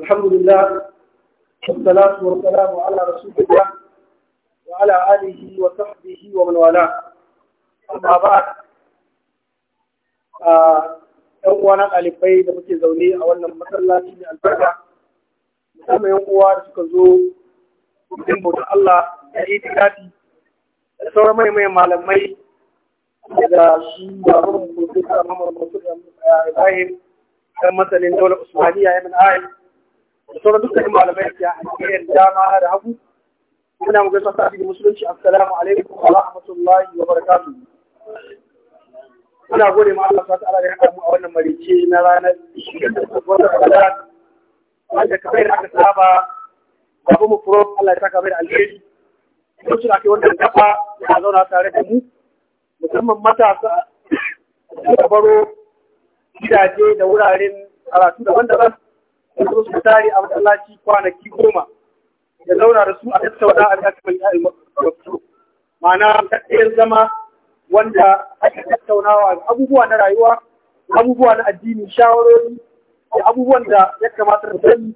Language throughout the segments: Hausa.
الحمد لله والصلاة والسلام على رسول الله وعلى آله وصحبه ومن والاه أما بعد uwa na ɗalibai da muke zaune a wannan masallaci mai albarka musamman uwa da suka zo cikin bautar Allah da itikafi da sauran mai malamai daga shi babu mutum da mamar mutum Ibrahim dan masalin daular Usmaniya ya min ayi da sauran dukkanin malamai da hanyoyin dama da hagu ina mu gaisa sa cikin musulunci assalamu alaikum wa rahmatullahi wa barakatuh ina gode ma Allah ta'ala da ya haɗa mu a wannan marice na ranar 24 wanda kamar aka saba babu mu furo Allah ya saka mai alheri ko suna kai wannan gaba ya zauna tare da mu musamman matasa da baro gidaje da wuraren karatu daban-daban da su su tare a masallaci kwanaki goma ya zauna da su a tattauna a kan mai ta'il ma'ana kakkiyar zama wanda ake tattaunawa abubuwa na rayuwa abubuwa na addini shawarori da abubuwan da ya kamata mu sani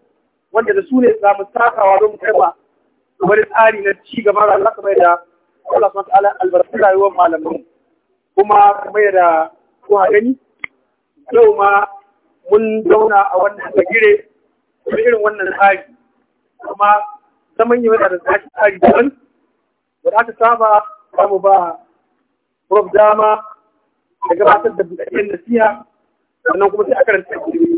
wanda da su ne za mu takawa don mu karba wani tsari na ci gaba da Allah kamar da Allah subhanahu wa ta'ala albarkatu rayuwar malamin kuma kamar da kuma gani yau ma mun zauna a wannan tsagire, da irin wannan tsari kuma zaman yi da tsari tsari daban da za ta saba samu ba prof dama da gabatar da bukakken nasiha sannan kuma sai a karanta ilimi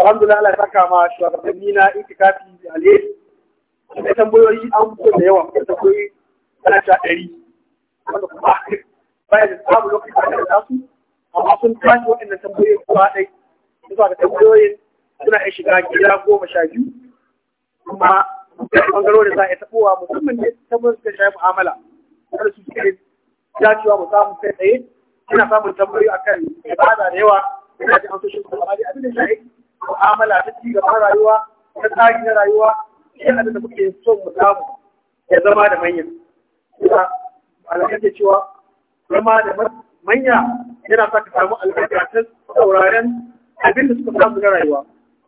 alhamdulillah Allah ya saka ma shugabanni na itikafi da alheri kai tambayoyi an fito da yawa da tambayoyi ana sha ɗari wanda kuma baya da tsabu lokacin da ta su amma sun tashi waɗannan tambayoyi kuma ɗai zuwa ga tambayoyin suna iya shiga gida goma sha biyu kuma bangarorin za a taɓowa musamman ne ta suka shafi mu'amala wanda su suke dacewa mu samu kai tsaye ina samun tambayoyi akan ibada da yawa ina ji amsoshin su amma dai abin da shafi mu'amala ta ci gaban rayuwa ta tsari na rayuwa shi abin da kuke son mu samu ya zama da manya kuma alaƙar cewa zama da manya yana sa ka samu albarka sauraren abin da suka samu na rayuwa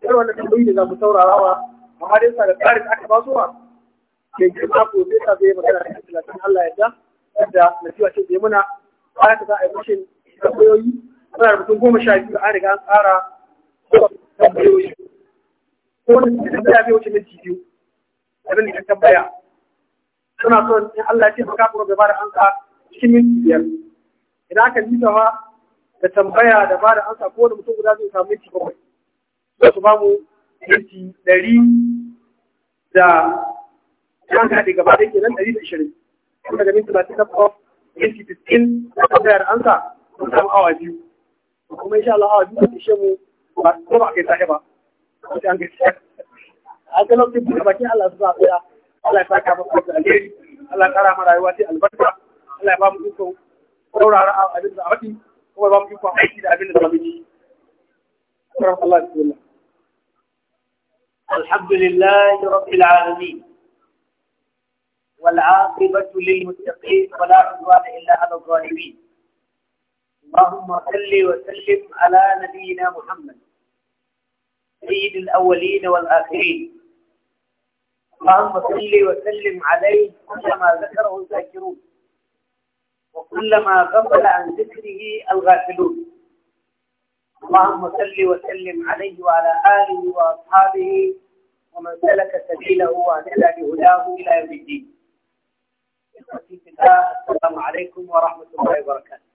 yar wannan tambayi da za mu saurarawa amma dai sa da tsarin aka ba suwa ke ke ma ko zai sa zai magana da talatin Allah ya da na nasiwa ce zai muna bayan ta za a yi mashin tambayoyi ana da mutum goma sha biyu an riga an tsara tambayoyi ko wani suke tambaya bai wuce minti biyu abin da ka tambaya suna son in Allah ya ce maka kuma bai ba da an cikin minti biyar idan aka ji ta da tambaya da ba da ansa ko wani mutum guda zai samu minti bakwai za su bamu minti ɗari da kan haɗe gaba da ke nan ɗari da ishirin kuma daga minti masu na kof minti fiskin da tambaya da ansa mun samu awa biyu kuma insha Allah awa biyu su ishe mu ba ko ba a kai sahi ba an kai sahi an ga lokacin buɗe bakin Allah su ba a tsaya Allah ya saka masa da alheri Allah ya ƙara ma rayuwa sai albarka Allah ya ba mu ikon saurara abin da a faɗi الحمد لله رب العالمين والعاقبة للمتقين ولا عدوان إلا على الظالمين اللهم صل وسلم على نبينا محمد سيد الأولين والآخرين اللهم صل وسلم عليه كما ذكره الذاكرون وكلما غفل عن ذكره الغافلون اللهم صل وسلم عليه وعلى اله واصحابه ومن سلك سبيله واهتدى بهداه الى يوم الدين السلام عليكم ورحمه الله وبركاته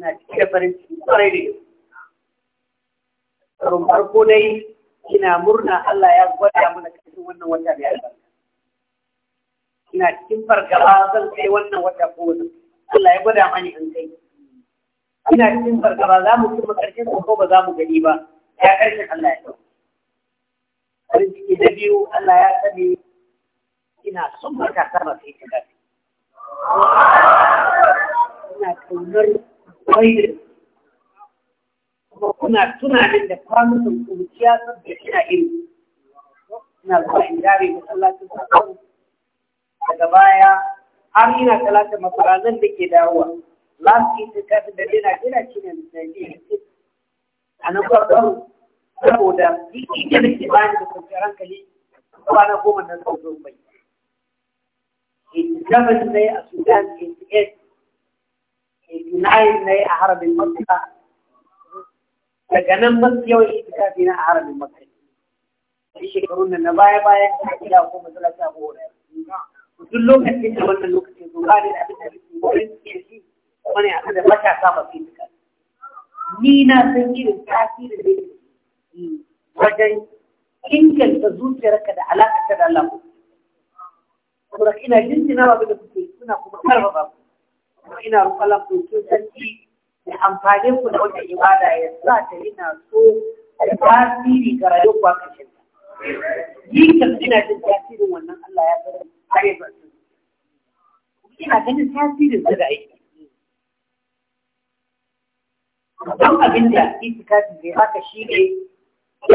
na cike farin ciki kwarai da yau. Karin farko dai ina murna Allah ya gwada mana cikin wannan wata mai albarka. ina cikin fargaba zan kai wannan wata ko Allah ya gwada mani an kai ina cikin fargaba za mu kuma karshen ko ba za mu gani ba ya karshen Allah ya kawo farin ciki na biyu Allah ya sani ina son matasa masu yi shiga ina kaunar kwaidin kuma kuna tunanin da kwanukan kuma sun da kina iri ina zuwa in dare masallacin sakamakon daga baya har yana talata masarazan da ke dawowa lafi ta fi da dina gina shi ne misali a nan farkon saboda jiki da ke bayan da rankali hankali na goma na sauran bai na yi a sudan 88 89 yi a harabin Makka. daga nan mafi yawan itikafi na a harabin mafita shekaru na baya bayan a ake da kuma masalata ko duk lokacin da wannan lokacin zuwa da abin da suke wurin suke shi kuma ne a da matasa masu yi ni na san irin tasirin da yake wajen inganta zuciyarka da alaƙa ta da Allah Kuma ina jinjina ba da kuke suna kuma karba ba. kuma ina roƙon Allah ku ce sarki da amfani ku da wannan ibada ya sa ta ina so da tasiri ga rayuwar ku a kashin ta. Yi ina jin tasirin wannan Allah ya fara ina ganin tasirin su da aiki don abin da itikafi bai haka shi ne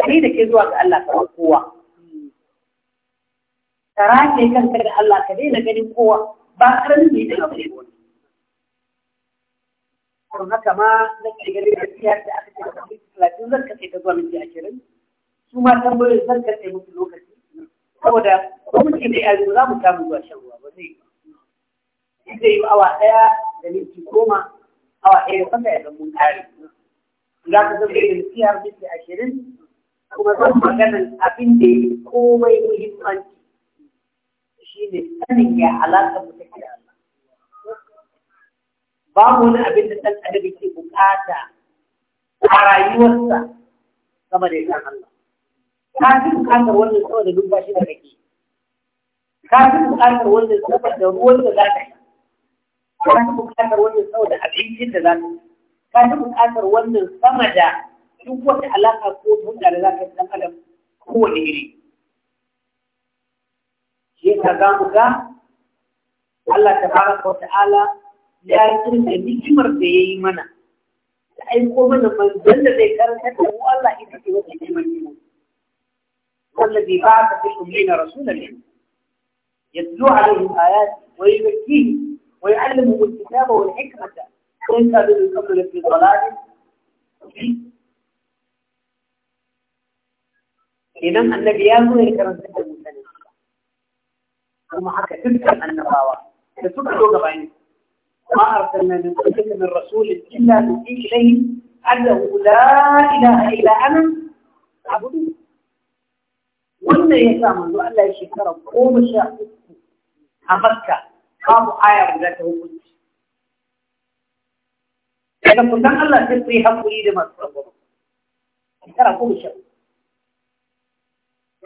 kai da ke zuwa ga Allah ka kowa tara ke kanka da Allah ka daina ganin kowa ba karamin ne da abu ne don haka ma na ke ganin da siyar da aka ce da talatin zan kace ka zuwa minti ashirin su ma tambayoyin zan kace musu lokaci saboda hukunci da yanzu za mu samu zuwa shan ruwa ba zai yi ba zai yi awa ɗaya da minti goma awa ɗaya da kasa ya zama kare za ka zama irin siyar minti ashirin kuma zan magana abin da ya komai muhimmanci shi ne sanin ya alaƙa mu take da Allah mu wani abin da ɗan adam yake bukata a rayuwarsa sama da ya san Allah ka fi bukatar wannan sama da numfashi da kake ka fi bukatar wannan sama da ruwan da za ka yi ka fi bukatar wannan sama da abincin da za ka yi ka fi bukatar wannan sama da duk wata alaƙa ko hulɗa da za ka yi ɗan adam kowane iri shi yasa za mu ga Allah tabaraka wa ta'ala ya yi irin da nikimar da ya yi mana da aiko mana manzon da zai karanta da mu Allah ita ce wata nikimar ne والذي بعث بكم لنا رسولا منكم يتلو عليهم آيات ويزكيهم ويعلمهم الكتاب والحكمة وإن كانوا من قبل لفي ضلال إذا النبي يقول لك رزق المسلمين ثم حتى تذكر النبوة تذكر بعينك ما أرسلنا من قبل من رسول إلا نوحي إليه أنه لا إله إلا أنا اعبدوا wannan ya sa manzo Allah ya shekara goma sha uku a Makka babu aya guda ta hukunci. Daga kusan Allah sai su yi haƙuri da masu tsaro. Shekara goma sha uku.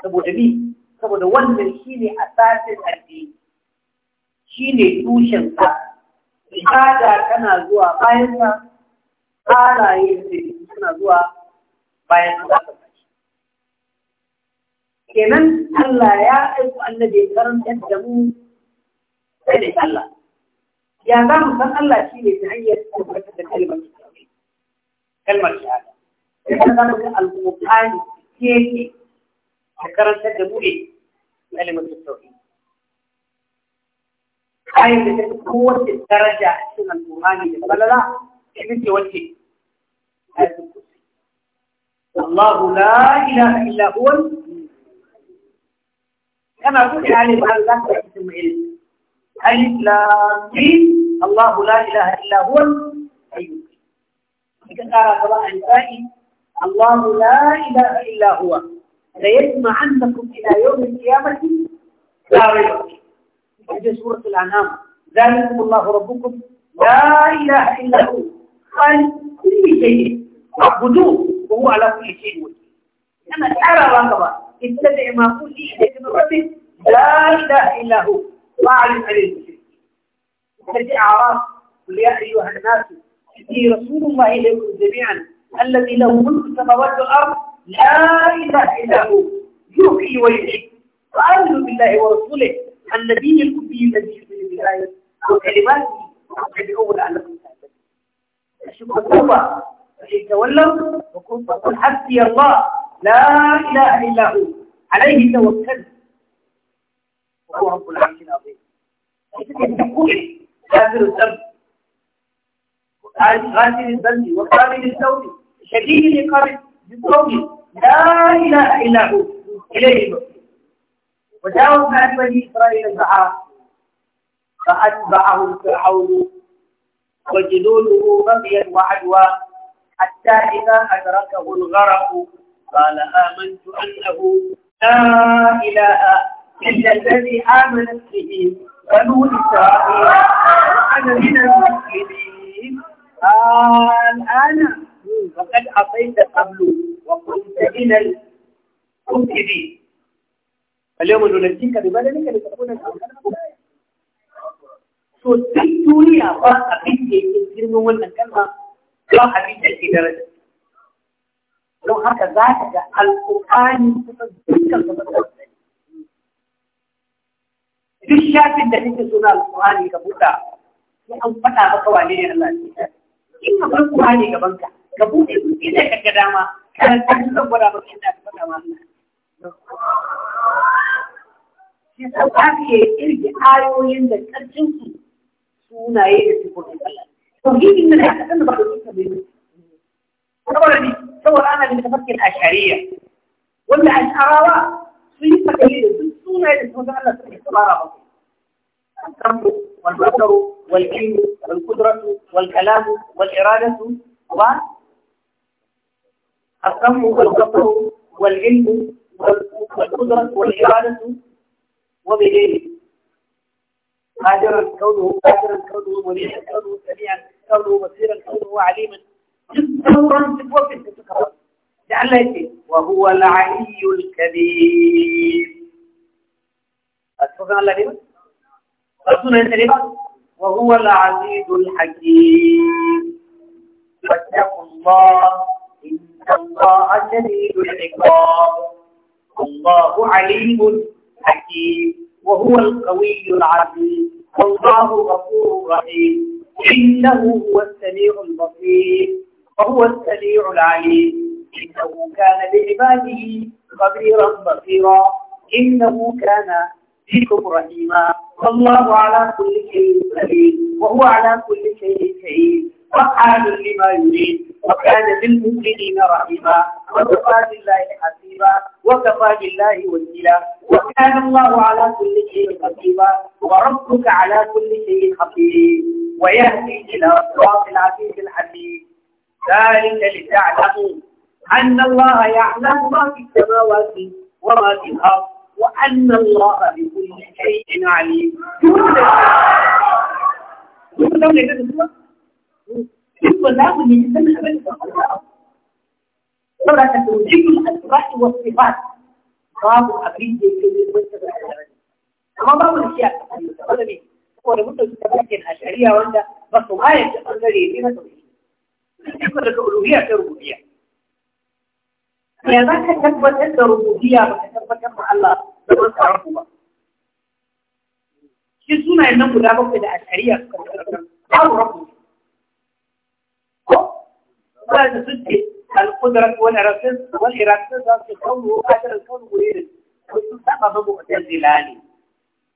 Saboda ni, saboda wannan shi ne asasin addini, shi ne tushensa. Ibada tana zuwa bayansa, halayen suna zuwa bayan sa. كمن هلا يا أبو الذي كرم يدمون فلس إيه الله يا دام صلى الله شيء نعية وفتت الكلمة كلمة الشهادة إذا كان المبتعد كيكي كرم يدمون كلمة التوحيد أي من قوة الدرجة من المهاني بل لا كمنت إيه وجهي الله لا إله إلا هو كما قلت عن الألف اسم علم ألف لام الله لا إله إلا هو ايوه إذا قال قراءة الفائي الله لا إله إلا هو عنكم إلى يوم القيامة لا ريب في سورة الأنعام ذلكم الله ربكم لا إله إلا هو خالق كل شيء اعبدوه وهو على كل شيء وكيل أنا أرى الله اتبع ما قلت إليك من ربك لا إله إلا هو واعلم عليه المشرك هذه أعراف قل يا أيها الناس إني رسول الله إليكم جميعا الذي له ملك السماوات والأرض لا إله إلا هو يحيي ويميت وآمنوا بالله ورسوله النبي الكبي الذي يؤمن بالآية وكلماته واتبعوه لعلكم تعلمون أشكر التوبة فإن تولوا وكن فقل حسبي الله لا إله إلا هو عليه توكل وهو رب العرش العظيم كافر الذنب غافل الذنب وكامل الثوب شديد العقاب بالتوبة لا إله إلا هو إليه المصير وجاءوا مع بني إسرائيل سعى فأتبعه فرعون وجنونه بغيا وعدوى حتى إذا أدركه الغرق قال آمنت أنه لا إله إلا الذي آمنت به بنو إسرائيل وأنا من المسلمين قال أنا وقد أعطيت قبل وكنت من المسلمين اليوم ننجيك ببدنك لتكون so duk duniya ba abin da yake في wannan kalma ba abin da don haka za ka ga alƙur'ani kusan dukkan da matsalar duk shafin da nake suna alƙur'ani ga buɗa ya an faɗa maka wane ne Allah lafiya in ka bar ƙur'ani gaban ka ka buɗe duk inda ka ga dama karanta ci zan gwada maka inda ka faɗa ma shi sa za ka irge ayoyin da ƙarfin su sunaye da sifofin Allah tauhidin da ka san da ba ka yi sabai saboda ni تصور انا اللي متفكر اشعريه ولا اشعراوه في تقليد سنه المتعلق في بسيطه السمع والبصر والعلم والقدرة والكلام والإرادة و السمع والبصر والعلم والقدرة والإرادة وبغيره قادرا كونه قادرا كونه منيعا كونه سميعا كونه بصيرا كونه عليما جدا في الوقت عليه وهو العلي الكبير أتفضل الله رسولنا الكريم وهو العزيز الحكيم واتقوا الله إن الله شديد العقاب الله عليم حكيم وهو القوي العزيز والله غفور رحيم إنه هو السميع البصير وهو السميع العليم إنه كان لعباده خبيرا بصيرا إنه كان بكم رحيما والله على كل شيء قدير وهو على كل شيء شهيد وفعال لما يريد وكان بالمؤمنين رحيما وكفى بالله حسيبا وكفى بالله وكيلا وكان الله على كل شيء حسيبا وربك على كل شيء خبير ويهدي الى صراط العزيز الحميد ذلك لتعلموا أن الله يعلم ما في السماوات وما في الأرض وأن الله بكل شيء عليم ولا توجيه الأسماء والصفات باب أبريد يكون مستقبل أما باب الأشياء هذا مين هو لابد من تبعك الأشعرية وأنت بس ما يتقدر يمينة يكون لك ألوهية كربوبية ya za ka tabbatar da rububiyya ba ka tabbatar da Allah da wani tsarafu ba. Shi sunayen nan guda bakwai da a shari'a suka tabbatar babu rabu. Ko? Ba da suke al-qudrat wal irad wal za su kawo kadar kawo wurin wasu saba babu wajen zilali.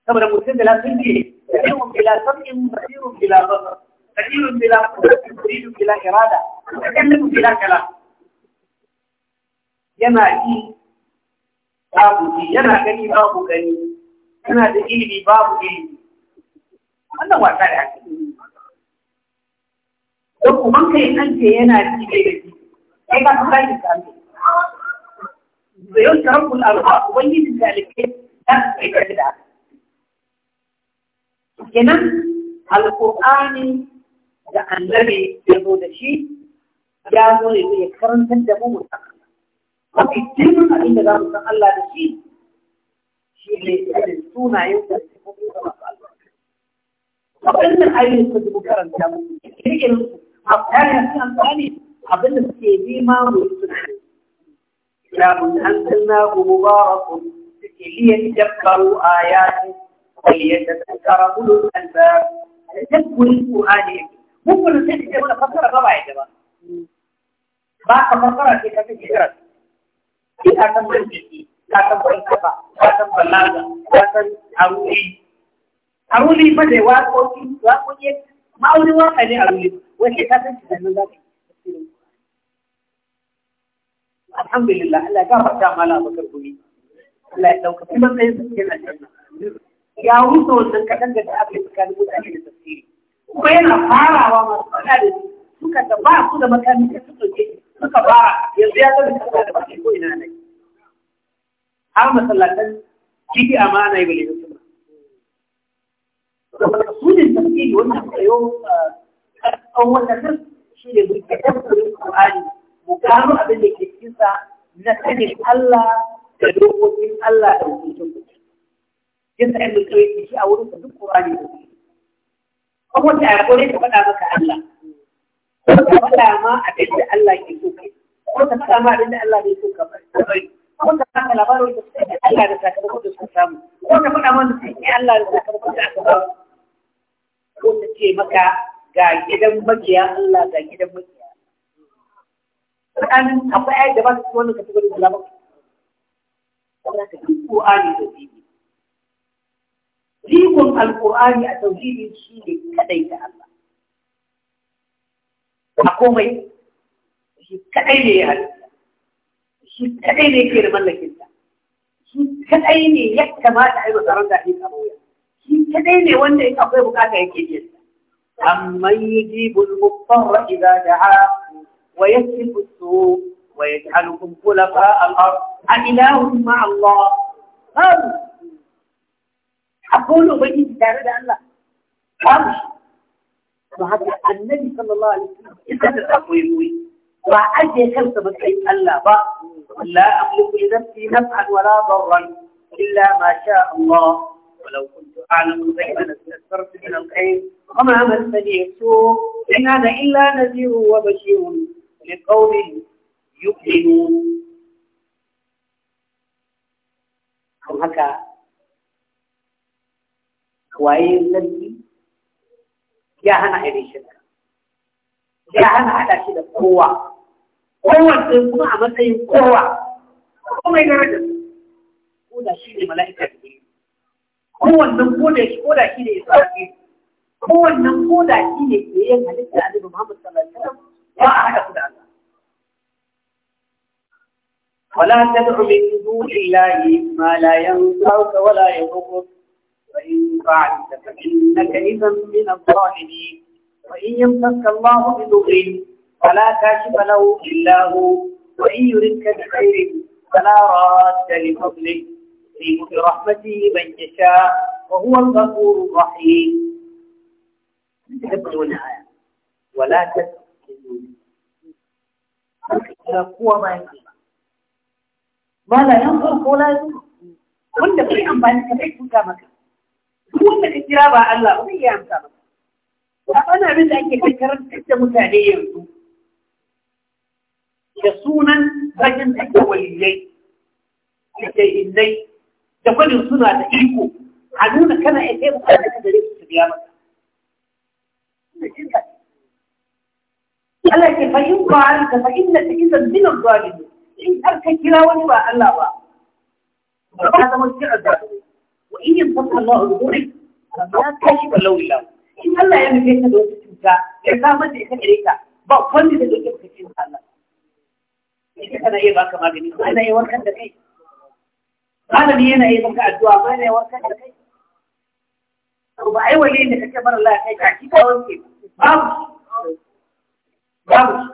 Saboda mutum da lafiyar ne, yawan bila sab'in basirun bila basar, basirun bila qudratin, basirun bila irada, basirun bila kalam. yana ji babu yi yana gani babu gani yana da ilimi babu ilimi wannan wasa da haka don kuma kai an ce yana ji da ji kai ka san yi ka san da yau ta rabbul arba ubangiji da alike da kai ka da kenan alqur'ani da annabi ya zo da shi ya zo ya karantar da mu mutaka mafi girman abin da za mu san Allah da shi shi ne irin sunayen da su kuma da masu albarka. Waɗannan ayoyin su dubu karanta mu, kirkin su, a kayan su amfani abin da suke nema mu yi suna. Kitabun an sanna ku mubarakun suke liyan jabbaru a yaƙi, waliyar da ta kara mulun albar, da jabburin Ƙur'ani yake. Mun kuna sai da ke mana fassara ba ba ya ba. Ba ka fassara sai ka fi jirar. sai ka san aruli ba da waƙoƙi waƙoƙi waƙa ne aruli san alhamdulillah Allah ya mala bakar Allah ya kuma sai su yana ya wuce wannan da aka yi mutane da tafsiri kuma yana farawa masu faɗa da suka da ba su da makamin da suka ke suka fara yanzu ya zama suka da bakin ko ina ne har masallatan kiki amana yi bilin su ba su ne tafsiri wannan kayo an wannan nan shi ne mu ka tafsirin Qur'ani mu gano abin da ke cikin na sanin Allah da dokokin Allah da hukuncin hukunci yadda ibn Qayyim shi a wurin duk da ne kuma ta yakore ta faɗa maka Allah ko ka faɗa ma abin da Allah ke so kai ko ka faɗa ma abin da Allah bai so ka bari ko ka faɗa labarin da suka yi Allah da sakamakon da suka samu ko ka faɗa ma da suka yi Allah da sakamakon da aka samu ko ta ce maka ga gidan makiya Allah ga gidan makiya tsakanin akwai ayyar da ba su wannan kategorin da labarin saboda ka duk Qur'ani da bibi Rikon Alƙur'ani a tauhidi shi ne kaɗai da Allah. a komai shi kadai ne ya halitta shi kadai ne ke da mallakinta shi kadai ne ya kamata a yi masarar da ake kamo ya shi kadai ne wanda in akwai bukata yake yin amma yujibu al-muqtarra da da'a wa ya as-su' wa yaj'alukum khulafa al-ard a ilahum ma Allah babu akwai ubangiji tare da Allah babu don haka annabi sallallahu alaihi wasallam ita da sako yoyi ba aje kansa ba kai Allah ba la amliku li nafsi naf'an wala darran illa ma sha Allah ولو كنت أعلم الغيب لاستكثرت من الخير وما مسني السوء إن هذا إلا نذير وبشير لقوم يؤمنون هكا waye sarki ya hana a shirka ya hana haɗa shi da kowa kowanne kuma a matsayin kowa kuma ya rage ko da shi ne mala'ikar ne kowannen ko da shi ko da shi ne ya sa israfi kowannen ko da shi ne ke yin halitta annabi Muhammad sallallahu alaihi wasallam ba a haɗa su da Allah ولا تدع من دون الله ما لا ينفعك ولا يضرك فإن فعلت فإنك إذا من الظالمين وإن يمسك الله بضر فلا كاشف له إلا هو وإن يردك بخير فلا راد لفضله يصيب برحمته من يشاء وهو الغفور الرحيم تقبلون ولا تسكتون قوة ما ينقل ما لا ينظر ولا ينظر wanda في amfani ka bai tuka duk wanda ka kira ba Allah ba zai iya amsa ba sabanin abin da ake kankarar da mutane yanzu da sunan bakin da waliyai da jahilai da kwanin suna da iko a nuna kana ya kai bukatar da gare su su biya maka Allah ke fahim ba alka fa inna ta izan dinar zalimi in har ka kira wani ba Allah ba ba ka zama cikin azzalimi وإن يمسك الله بضرك لا كاشف الله إلا إن الله يعمل فيك دوت التوتا إعطاما تأخذ إليك بأقل من دوت التوتا الله إذا أنا أيوة إيه باك ما بني أنا إيه وركن دكي قال لي أنا إيه بكع الدعاء ما أنا إيه وركن دكي وبعي ولي إنك كبر الله حيث عكيك أولكي بابش بابش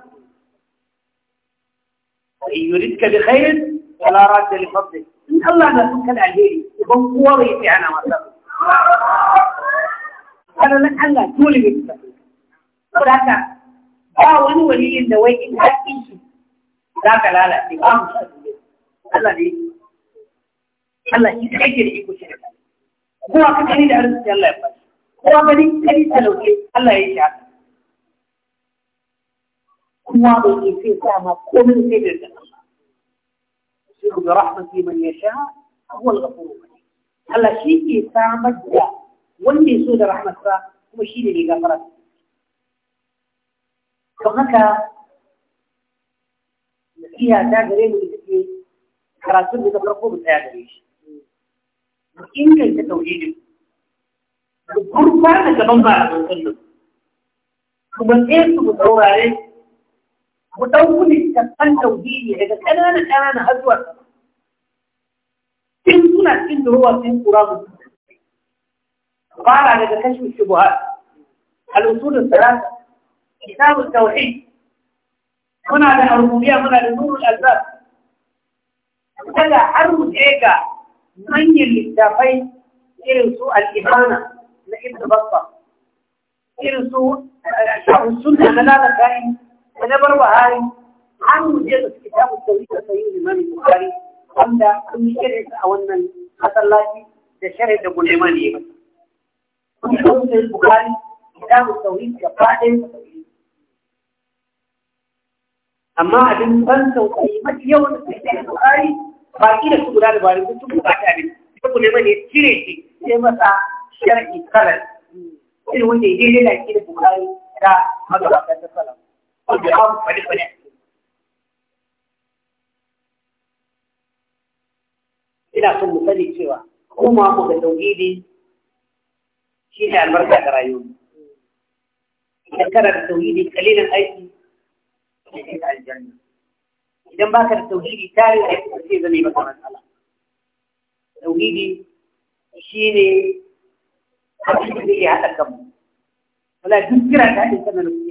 إن يريدك بخير فلا راد لفضله in Allah na suka ka da alheri uban kowa bai sai ana masa kana nan Allah dole ne ka saboda haka ba wani waliyin da wai in haƙƙin shi za ka lalace ba mu Allah ne Allah shi kai ke da iko shi da kai kowa ka kani da arziki Allah ya bashi kowa ka ni kani talauke Allah ya yi shi haka bai ke sai sa ma komai sai da ta يسير برحمته من يشاء هو الغفور الرحيم هلا شيء يتعمد لا واللي يسود رحمة هو شيء اللي غفرت فهناك فيها تاجرين ويسكي كراسل يتفرقوا بتاجريش وإن كنت توجيه الكربان كبنبار من كله ومن إيه تبدو عليه ku ɗauku littattafan tauhidi daga ƙananan ƙananan har zuwa sama in suna cikin durowa sun kura mu fara daga kashin shubuhat al-usul al-thalatha kitab al-tauhid muna da al-rububiyya muna da nurul azab daga har mu je ga manyan littafai irin su al-ibana na ibn battah irin su al-sunna na lalakain da na bar bahari an muje da suke ta da bukari wanda an yi irin a wannan masallaci da shari da gulema ne ba. Kun wani bukari ta musawi da faɗin Amma abin ban sauƙi mafi yawan da suke da bukari baki da su guda da bari sun Ta ne الجواب فريق نعم إلى هناك سلي سوى هما قد التوحيد شيء عن مرجع درايون ذكر التوحيد قليلا أي شيء الجنة إذا ما كان التوحيد تاري أي شيء ذني بطرة الله التوحيد شيء حقيقي هذا كم ولا ذكر هذا الإنسان الذي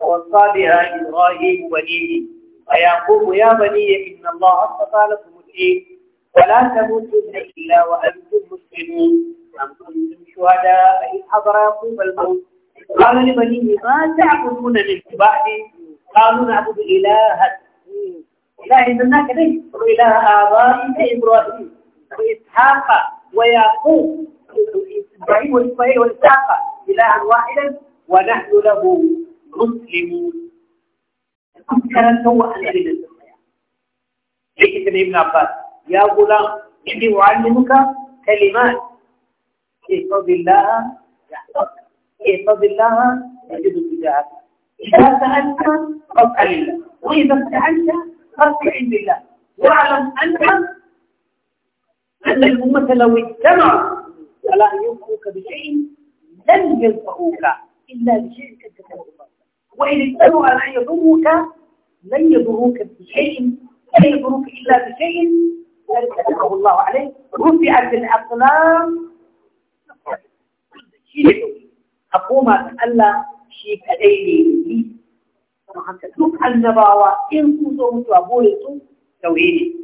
ووصى بها إبراهيم وليه ويعقوب يا بني إن الله اصطفى لكم الدين ولا تموتن إلا وأنتم مسلمون أم كنتم شهداء إذ حضر يقوم الموت قال لبنيه ما تعبدون من بعدي قالوا نعبد إلهك منك ليس وإله آبائك إبراهيم وإسحاق ويعقوب إبراهيم وإسماعيل وإسحاق إلها واحدا ونحن له مسلمون كان هو أنا من الدنيا لكن ابن عباس يا غلام إني أعلمك كلمات احفظ الله يحفظك احفظ الله يجد تجاهك إذا سألت فاسأل الله وإذا استعنت فاستعن الله واعلم أنت أن الأمة لو اجتمعت على أن ينفعوك بشيء لن ينفعوك إلا بشيء قد كتبه الله وإن يسألوا أن يضروك لن يضروك بشيء لن يضروك إلا بشيء فلتتقه الله عليه رفع بالأطلام أقوم ألا شيء كديني تفعل نباوة إن كنتم تابولتوا توهيني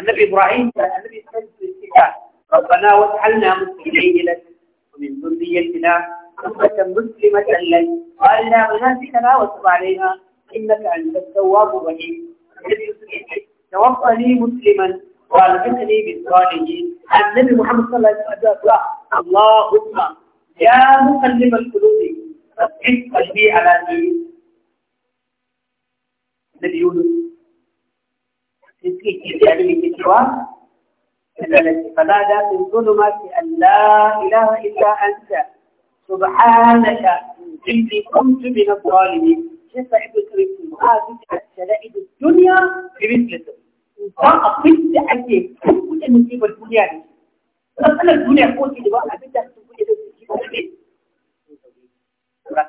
النبي إبراهيم النبي صلى الله عليه وسلم ربنا وتعلنا مستقيم لك ومن ذنبيتنا توبة مسلمة لي وإلى منازلنا وتب عليها إنك أنت التواب الرحيم توفني مسلما والحقني بالصالحين النبي محمد صلى الله عليه وسلم اللهم يا مقلب القلوب ثبت قلبي على دينك النبي يونس تسكيك يعني الجواب فلا تنظلمات أن لا إله إلا أنت سبحانك إني كنت من الظالمين شفا عبد كريم هذه الشدائد الدنيا بمثلته بقى بنت أكيد كل المصيبة الدنيا دي مسألة الدنيا قوتي اللي بقى بنت تقول لي ده كتير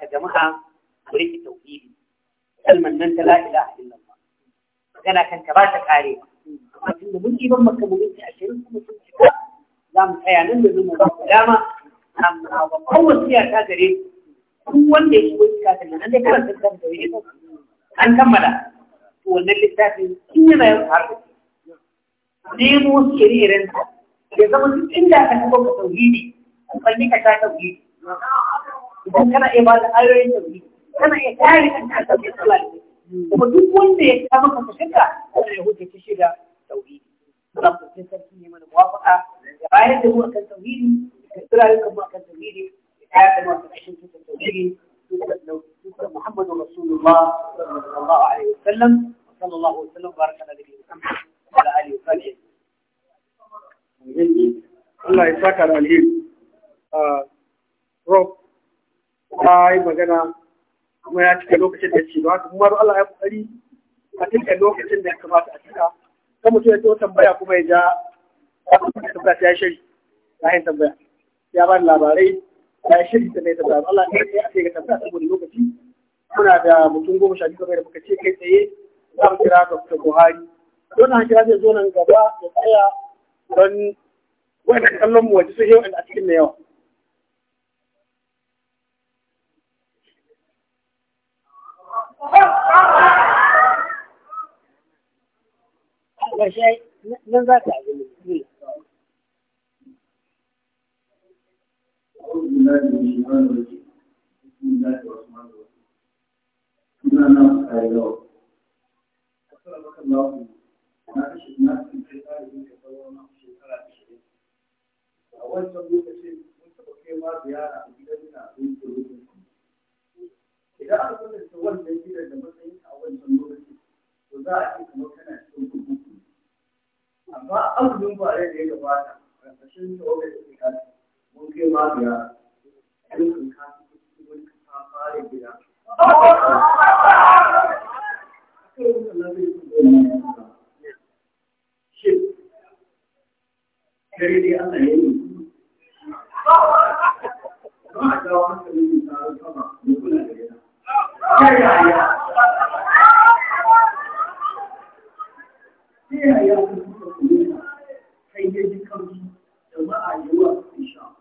يا جماعة وليك التوحيد كلمة أن أنت لا إله إلا الله أنا كان كباتك عليه لكن ممكن يبقى مكملين في وتمسكوا لا متحيانين من الموضوع amma babban ta gare duk wanda ya shigo cikin nan an dai karanta kan da yake an kammala to wannan littafin in yana yin harbi nemo sirrin ya zama duk inda ka taɓa ka tauhidi kalli Nika ta tauhidi idan kana iya ba da ayoyin tauhidi kana iya kare kanka a tauhidi Allah kuma duk wanda ya kama ka shirka kana ya hujjaci shiga tauhidi Allah ku sarki ne mana muwafaqa ya bayar da mu kan tauhidi الثلاثة كما كان تبيدي الحياة كما كان عشان تبيدي محمد رسول الله صلى الله عليه وسلم صلى الله وسلم وبارك على نبينا محمد وعلى آله وصحبه Allah ya saka da alheri. Ah, Rob, ta yi magana kuma ya cika lokacin da ce ba haka Allah ya kokari a cika lokacin da ya kamata a cika. Kan mutum ya ce tambaya kuma ya ja, ya tambaya ta ya shari, ta yin tambaya. ya ba labarai ya shirya da mai tattara Allah ne sai aka yi ga tambaya saboda lokaci muna da mutum goma sha biyu kamar da muka ce kai tsaye za mu kira Dr. Buhari don haka kira zai zo nan gaba ya tsaya don wannan kallon mu waje su hewa a cikin na yawa ƙarshe nan za ka yi أعوذ بالله من الشيطان الرجيم na kashe kai shekara a lokacin taɓa ziyara a gidan na sun ke aka gidan da matsayin a wancan lokacin to za a ce kamar kana cikin amma azumin bare da ya gabata ƙarƙashin tawagar da ke kasu mun kai ma biya dukkan gida ya yi a jawo hankalin mutane sama da kula da Yeah, yeah, yeah. Kai yaji kansu jama'a yawa insha Allah.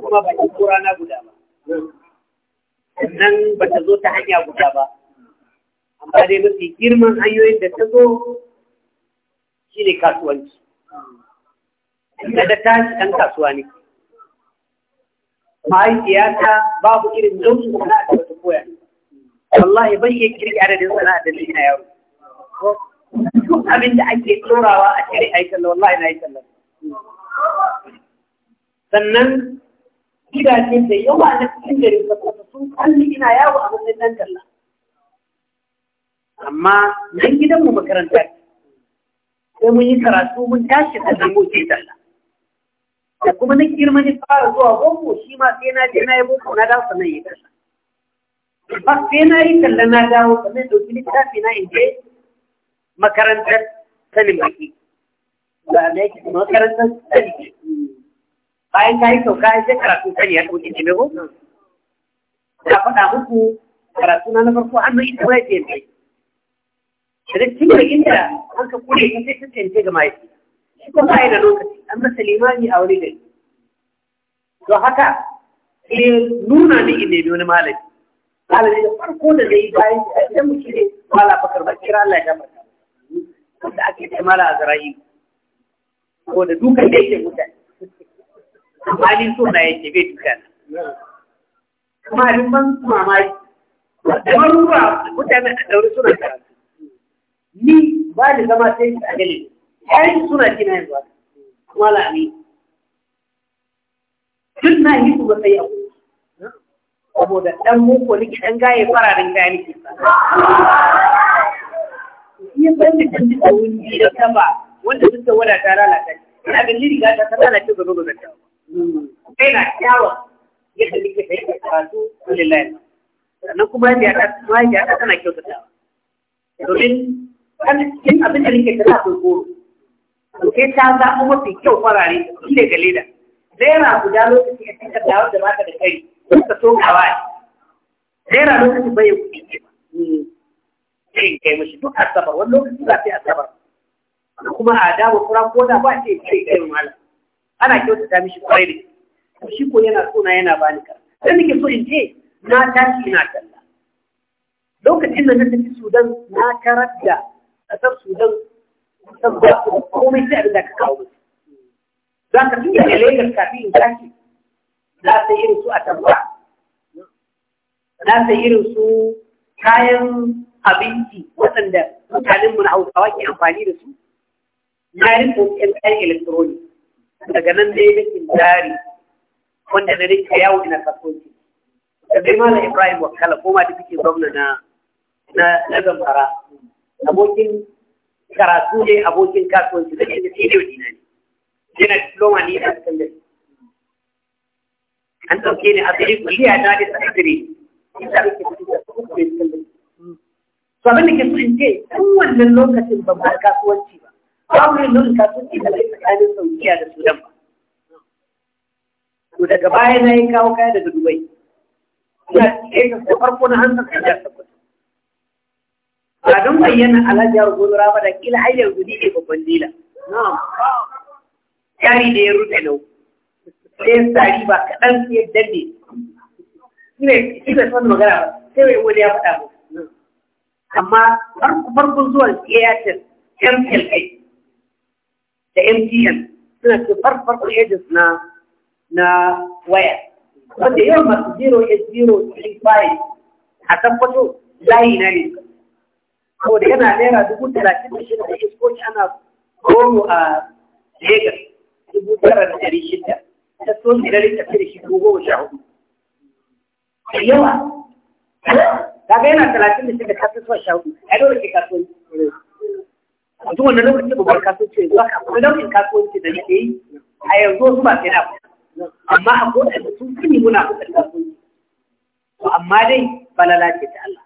kuma ba ta zo rana guda ba sannan ba ta zo ta hanya guda ba amma dai mafi girman hanyoyin da ta zo shi ne kasuwanci da da ta shi ɗan kasuwa ne mahaifiyata babu irin nau'in da da wata koya wallahi ban iya kirki adadin sana'a da na yaro duk abin da ake tsorawa a shari'a sallah, wallahi na sallah. sannan gidaje da yawa na cikin gari da sun kalli ina yawo a matsayin nan talla amma nan gidanmu makaranta ce sai mun yi karatu mun tashi da nemo ke talla da kuma na girma ni fara zuwa boko shi ma sai na je na yi boko na dawo sannan ya talla ba sai na yi talla na dawo sannan dauki littafi na in je makarantar sanin baki ga da yake makarantar sanin baki bayan ta yi sauka ya karatu sani ya sauke ne mego ta faɗa muku karatu na na farko an zo ita mai fiye mai shirin da inda an ka kure ta sai ta canje ga mai shi kuma ya da lokaci an masa ni a wuri gari to haka sai nuna ni in nemi wani malami malami da farko da zai bayan da mu kire ne mala fakar ba kira Allah ya gafarta wanda ake ce mala azra'i ko da dukan da yake mutane amfani so na yake bai tuka na kuma abin ban mamaki kamar ruwa mutane a daure suna karatu ni ba ni zama sai a gani yayin suna kina yanzu kuma la'ani duk na yi su ba sai abu saboda ɗan muku nake ɗan gaye fararen gaya nake iya ban da kan duka wuri da saba wanda suka da wadata lalata ina ganin riga ta tana ce gaba gaba ta kai na kyawun yadda muke fahimtar karatu alhamdulillah sannan kuma mahaifiya ta tana kyautatawa domin kan cikin abin da nake tana akwai goro to sai ta zaɓo mafi kyau farare inda ga da. naira guda lokaci ya fitar da wanda baka da kai ka tokawa ne naira lokacin bai kuɗi ce ba sai kai mashi duk asabar wani lokaci za ta yi asabar kuma a dawo kura ko da ba ce sai kai malam ana kyautata mishi kwarai da to shi ko yana so na yana bani ka sai nake so in je na tashi ina talla lokacin da na tafi Sudan na karar da kasar Sudan kusan ba su da komai sai abin da ka kawo musu za ka tuya da Lagos kafin in tashi na sai irin su a tamba na sai irin su kayan abinci waɗanda mutanenmu na Hausawa ke amfani da su na rinko ƴan kayan elektroni daga nan dai nake jari wanda na rike yawo ina kasuwanci da bai malam Ibrahim Wakala ko ma da kike gwamna na na na Zamfara abokin karatu ne abokin kasuwanci da shi ne dina ne yana diploma ne a secondary an ɗauke ni a tsaye kulliya na da sakandare ita ake fita da sakandare to abin da ke so in ce tun wannan lokacin ban ba kasuwanci ba samun nuna ne da zai tsakanin saudiya da sudan ba to daga baya na yi kawo kaya daga dubai ina cikin da farko na hannun kan jihar sokoto ba don bayyana alhaji gudura ba da kila har yanzu ni ne babban dila yari da ya rufe nau sai tsari ba kaɗan sai danne ne yi da son magana ba sai mai wani ya faɗa ba. amma farkon zuwan tiyatar yan da MTN suna ce farfarkon agents na na waya wanda yawan masu 08035 a tabbato layi na ne da yana naira dubu talatin da shida da iskoci ana goro a Legas dubu tara da ɗari shida ta so ne da rikace da shi dubu goma sha hudu da yawa kaga yana talatin da shida kafin so sha hudu a dole ke kasuwanci a duk wannan lokacin da babbar kasuwanci zuwa akwai nau'in kasuwanci da nake yi a yanzu wasu ba sai na amma a kowace da sun sani muna da kasuwanci to amma dai ba lalace ta Allah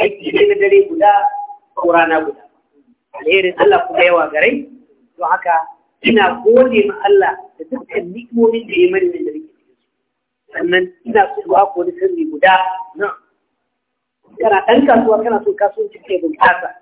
aiki ne na dare guda ko rana guda alherin Allah kuma yawa garai don haka ina gode ma Allah da dukkan ni'imomin da ya mani da nake sannan ina so ba ko da sirri guda na kana ɗan kasuwa kana so kasuwanci ke bunƙasa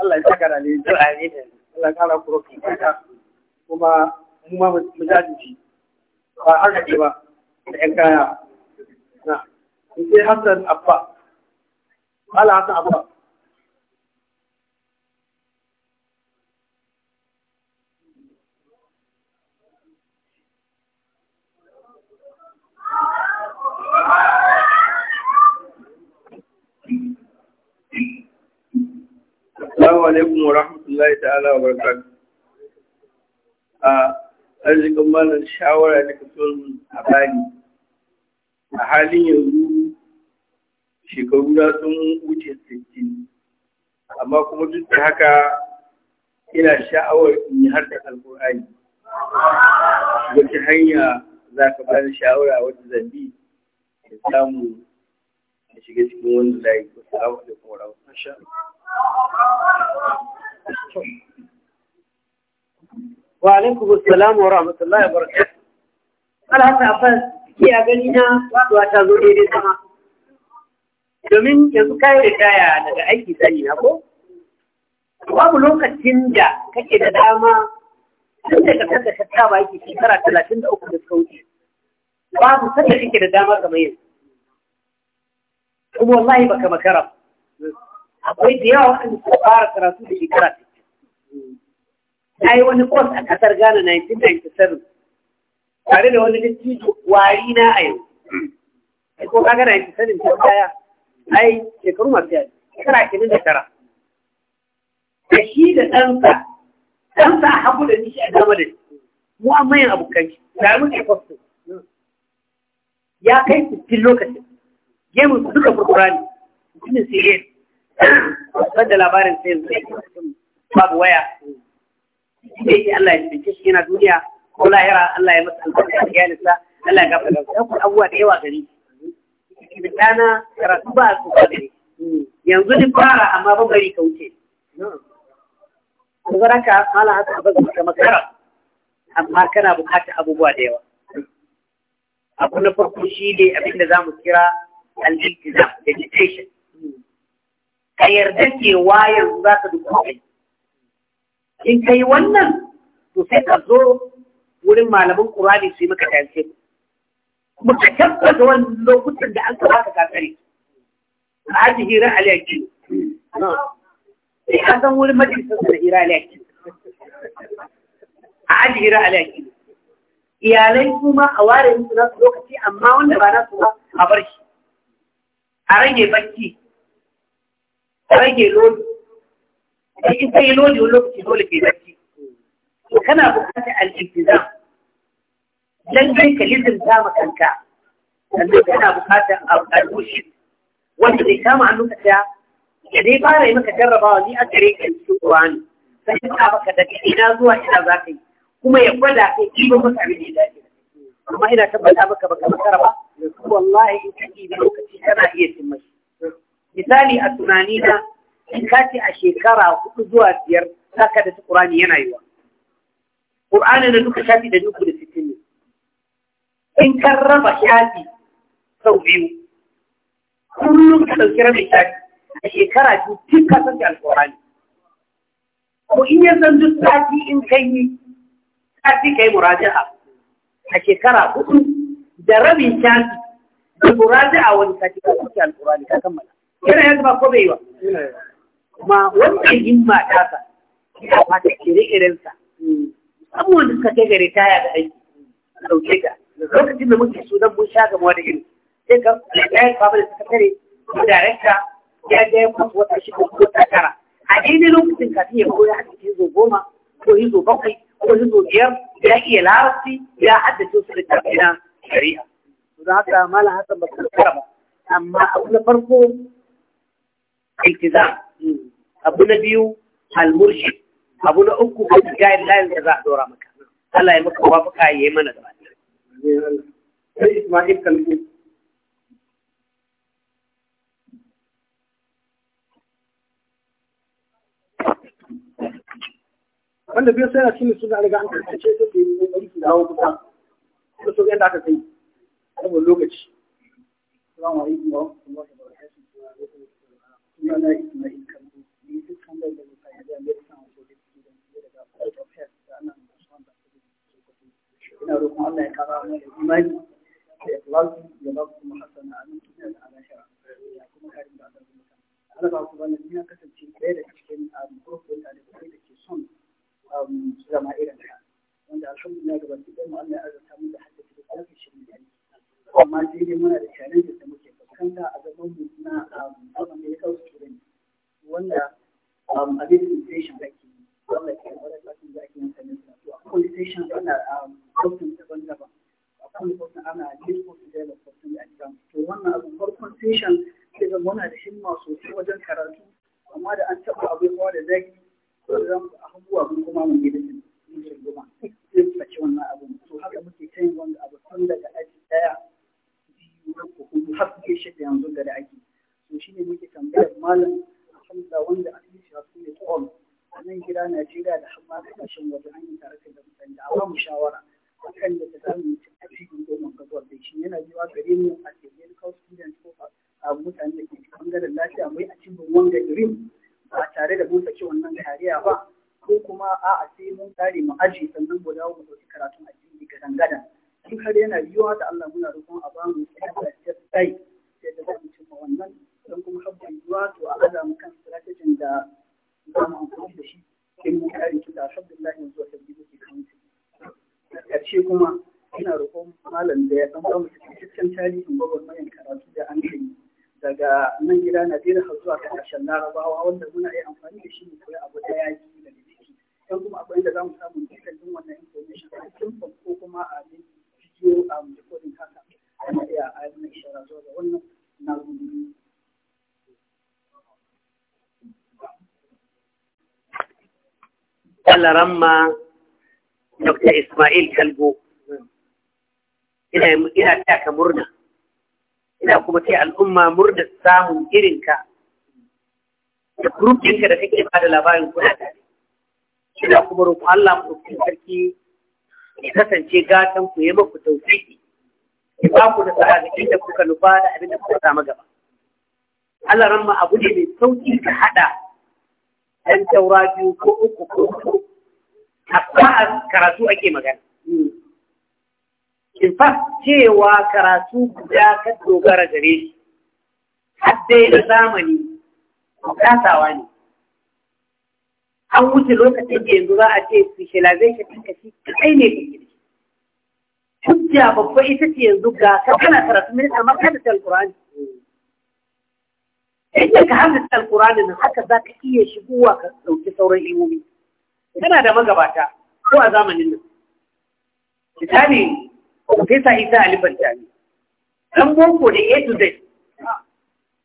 Allah ya ne da ne Allah ya kara ku roƙi kuma mu ma mu jajiji ba har da ba da ƴan kaya na sai Hassan Abba Allah Hassan Abba Assalamu alaikum wa rahmatullahi ta'ala wa barakatu. A arzikin malam shawara da ka a bani. A halin yanzu shekaru na sun wuce sittin, amma kuma duk da haka ina sha'awar in yi harta da Wace hanya za ka bani shawara wata zabi da samu a shiga cikin yi layi. da kuma wa rahmatullahi wa alaikum assalam wa rahmatullahi wa barakatuh alhassan abbas kiya gani na waduwa ta zo daidai sama domin yanzu kayan ritaya daga aiki sani na ko babu lokacin da kake da dama tun daga sanda ka saba yake shekara talatin da uku da suka wuce babu sanda kake da dama kamar yanzu kuma wallahi baka makara akwai da yawa wani ko fara karatu da shekara na yi wani kwas a ƙasar Ghana 1997 tare da wani littijo wari na a yau. Ai ko kaga 1997 ta baya ai shekaru masu yawa shekara ashirin da tara. Da shi da ɗansa ɗansa a haku da nishi a dama da mu an mayan abokan shi da mun ke kwasto. Ya kai sittin lokacin gemun su duka furfura ne mutumin siriyar Ban da labarin sai yanzu yake mutum babu waya. Shi yake Allah ya cince shi na duniya ko lahira Allah ya masa albarka a iyalinsa Allah ya gafa da wasu abubuwa da yawa gari. Ɗana karatu ba su ba gari. Yanzu ni fara amma ban bari ka wuce. Kuma haka malam haka abin da ka makara amma kana bukatar abubuwa da yawa. Abu na farko shi ne abin da za mu kira al-iltizam, education. ka yarda cewa yanzu za ka duka kai in ka yi wannan to sai ka zo wurin malaman ƙurani su yi maka tafiye. kuma ka tabbata wani lokutan da an ka baka kakari a aji hira aliyaki sai ka san wurin majalisar da hira aliyaki a aji hira aliyaki iyalai kuma a ware musu nasu lokaci amma wanda ba nasu ba a bar shi a rage bakki rage lodi sai in ka yi lodi wani lokaci dole kai bacci to kana bukatar al-iltizam lallai ka lizinta ma kanka sannan kana bukatar al-rushd wanda zai kama a lokacin Ya dai fara yi maka jarrabawa ni a gare ka cikin Qur'ani sai ka baka daga ina zuwa ina za ka yi kuma ya gwada kai kibo maka abin da ya dace amma ina tabbata maka baka makara ba wallahi in ka kibi lokaci kana iya cin mashi misali a tunani na in a shekara hudu zuwa biyar zaka da ƙurani yana yiwa Ƙur'ani da duka shafi da duku da sittin ne in kan raba shafi sau biyu kullum ka ɗauki rabin shafi a shekara biyu duk ka sauke alƙur'ani ko in ya san duk sati in kai yi sati kai muraja'a a shekara hudu da rabin shafi da muraja'a wani sati ka sauke alƙur'ani ka kammala yana yanzu ba ko bai ba ma wannan himma ta sa ya fata kere iren sa abubuwan da suka kai gare ta ya da aiki a ɗauke ta lokacin da muke sunan mun sha gama wani iri sai ka yi fama da suka tare ko darekta ya ga ya kwasu wata shi ko ta tara a daidai lokacin kafin ya koya a cikin zo goma ko yi zo bakwai ko yi zo biyar ya iya larabci ya haddace su da tafiya shari'a don haka malam hassan ba su ba amma abu na farko iltizam abu na biyu al abu na uku ko guide line da za a dora maka Allah ya maka wafaka ya yi mana gaba wanda biyu sai suna riga an su ke yi kokari su dawo kusa kuma so yadda aka kai lokaci. Assalamu alaikum wa rahmatullahi wa barakatuh. ina roƙon Allah ya kara mu da imani da ikhlasi ya ba ku hasana a cikin al'ashara ya kuma karin da Allah ya Allah ba ku wannan ina kasance ɗaya da cikin gurfin da da da ke son zama irin ka wanda alhamdulillah ga baki mu Allah ya mu da da kafin shirin amma sai dai muna da challenges da muke makaranta a gaban mu na um, medical student wanda um, a basic station ake wanda ke wani da ake yin semester to a kowane station ana kwastin um, daban-daban a kowane kwastin ana yin kwastin da kwastin da exam to wannan abu farkon station sai zan muna da himma sosai wajen karatu amma da an taɓa abu yawa da zaki ko da abubuwa mun kuma mun yi da shi mun sai mu faci wannan abu to haka muke ta yin wanda abu tun daga aji ɗaya surar ku kuma har kuke shiga yanzu da da ake to shi ne muke tambayar malam hamza wanda aka yi shafi ne tsohon a nan gida najeriya da har ma kasashen waje an yi tare da mutane da awa mu shawara akan da ta samu a cikin goma gazuwar da shi yana zuwa gare mu a ke medical students ko a mutane da ke bangaren lafiya mai a cikin wanga dream ba tare da mun saki wannan kariya ba ko kuma a'a sai mun kare mu aji sannan mu dawo mu ɗauki karatun addini gadan gadan in har yana yiwuwa da Allah muna roƙon a ba mu ta sai da za mu cimma wannan don kuma har bai yiwuwa to a ala mu kan strategin da za mu amfani da shi in mun kare ki da alhamdulillah yanzu wata da ke kan ƙarshe kuma ina roƙon malam da ya ɗan ba mu cikakken tarihin gwagwarmayar karatu da an daga nan gida na Najeriya har zuwa kasashen Larabawa wanda muna iya amfani da shi mu koyi abu ɗaya daga ciki. Don kuma akwai inda za mu samu dukkan wannan information a cikin ko kuma a audio um, recording haka a yi ishara zuwa ga Dr. Ismail Kalbo ina ina ka murna ina kuma taya al'umma murna samun irinka da group da kake ba da labarin kuna tare ina kuma roƙon Allah mu sarki ya kasance gatan ku ya maku tausayi? Ki ba ku da da kuka nufa da abin da kuka samu gaba Allah ramma abu ne mai sauki ka haɗa ɗan taura biyu ko uku ko uku a karatu ake magana in fa cewa karatu guda ka dogara gare shi har dai da zamani kasawa ne an wuce lokacin da yanzu za a ce specialization ɗin ka shi kai ne kake da shi. Hujja babba ita ce yanzu ga ka kana karatu minista amma ka ta Alƙur'ani. Inda ka haɗa Alƙur'ani nan haka za ka iya shigowa ka ɗauki sauran ilmomi. Tana da magabata ko a zamanin nan. Misali, Profesa Isa Ali Bantani, ɗan boko da A to Z.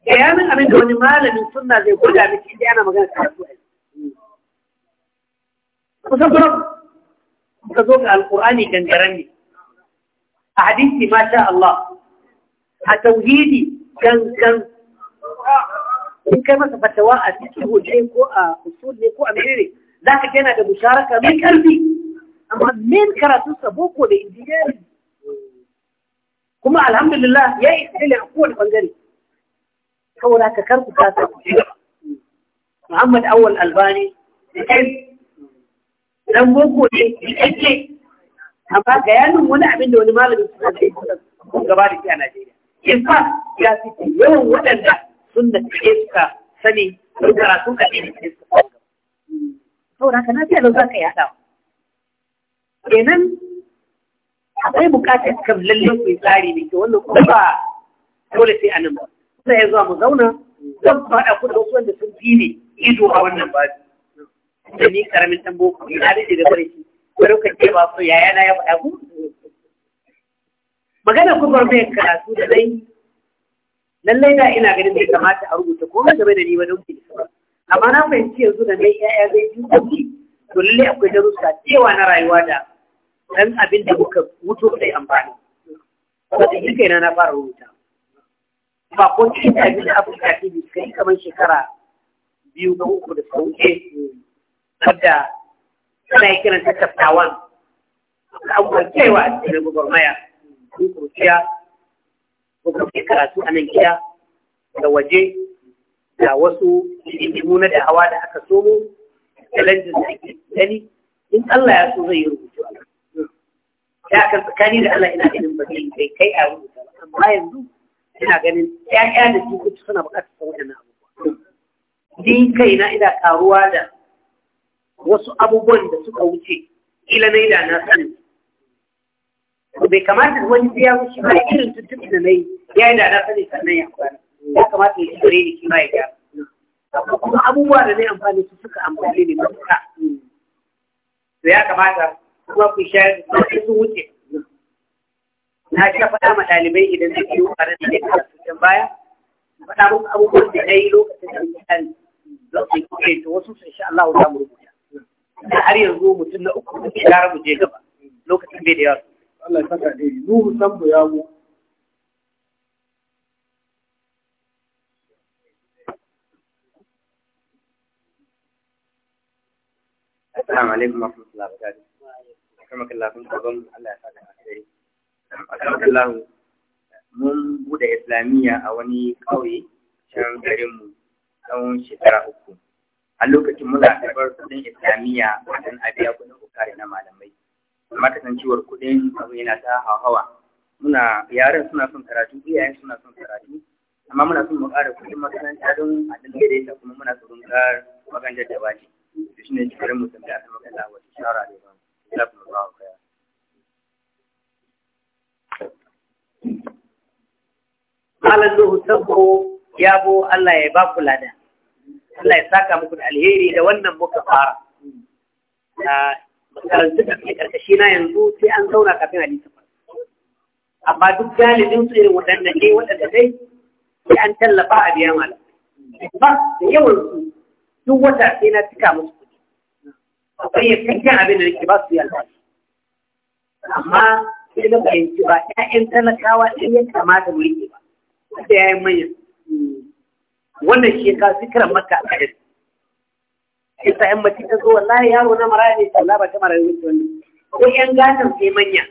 Bayanin abin da wani malamin sunna zai gwada miki inda ana magana karatu a kusan kuram ka zo ga alkur'ani gangaren ne a hadisi ma sha Allah a tauhidi gangan in kai masa fatawa a cikin hujjai ko a usul ne ko a menene za ka yana da musharaka mai karfi amma min karatunsa boko da injiniyari kuma alhamdulillah ya yi tsaye a kowane bangare saboda ka karku kasa Muhammad Awal Albani da dan boko ne yake amma ga yanin wani abin da wani malamin suna da yake gaba da ke a Najeriya in fa ya fi yawan waɗanda sun da ke suka sani sun karatu ka ne da ke suka saboda haka na fiye da za ka yaɗa kenan akwai bukatar kan lalle mai tsari ne ke wannan kuma ba dole sai a nan ba sai ya zuwa mu zauna zan faɗa ku da wasu wanda sun fi ne ido a wannan babi da ni karamin dan boko ina da da barci bari ka ce ba so yaya na ya faɗa ku magana ku bar mai karatu da dai lallai da ina ganin bai kamata a rubuta ko game da ni ba don ki amma na fahimci yanzu da dai yaya zai yi kuɗi to lallai akwai darussa cewa na rayuwa da dan abin da muka mutu kai amfani wanda ni kaina na fara rubuta ba ko cikin abin da Afirka TV kai kamar shekara biyu na uku da sauke wadda suna yi kiran tattawan, taftawan abubuwan cewa a cikin maya sun kurciya gwagwarmaya karatu a nan gida da waje da wasu rigimu na hawa da aka somo da lantin da ake gani in Allah ya so zai yi rubutu a nan? ya kan tsakani da Allah ina ganin ba kai kai a rubuta ba amma yanzu ina ganin ƴaƴa da kuma suna buƙatar wajen waɗannan abubuwa ni kaina ina karuwa da wasu abubuwan da suka wuce ila na da na sani bai kamata wani ya wuce ba irin tuntuɓi da na yi ya yi da na sani sannan ya kwana. ya kamata ya tsore da shi ma ya gyara kuma abubuwa da na yi amfani su suka amfani ne matuƙa to ya kamata kuma ku shayar da su wuce na sha faɗa ma ɗalibai idan na biyu a ran da ya kasance baya faɗa muku abubuwan da na yi lokacin da ya yi don su yi kuke to wasu su insha Allah za mu da har yanzu mutum na uku muke gara mu je gaba lokacin bai da yawa Allah ya saka dai Nuhu san bu mu. Assalamu alaikum wa rahmatullahi wa barakatuh. Kamar kallah kun sabon Allah ya saka dai. Kamar lafin mun bude islamiyya a wani kauye can garinmu tsawon shekara uku. a lokacin muna karɓar kuɗin islamiyya a nan a kudin kuɗin bukari na malamai amma kasancewar kuɗin abu yana ta hawa muna yaran suna son karatu iyayen suna son karatu amma muna son mu ƙara kudin makaranta don a dalilai da kuma muna tsoron ƙar magandar da da shi ne cikin mu tambaya ta makaranta wata shara da ba za ku ba ku Malam Sabbo ya Allah ya ba ku lada. Allah ya saka muku da alheri da wannan muka fara makarantu da ke karkashi na yanzu sai an zauna kafin a hadisi amma duk galibin su irin waɗanda ne waɗanda dai sai an tallafa a biyan malam ba da yawan su duk wata sai na cika musu kuɗi akwai yankakken abin da nake ba su yi albashi amma sai na fahimci ba 'ya'yan talakawa ɗin ya kamata mu yi ba da 'ya'yan manyan wannan shi ka zikiran maka a ƙarfi ita yan mace ta zo wallahi yaro na maraya ne sallah ba ta maraya wuce wani. ko yan gatan sai manya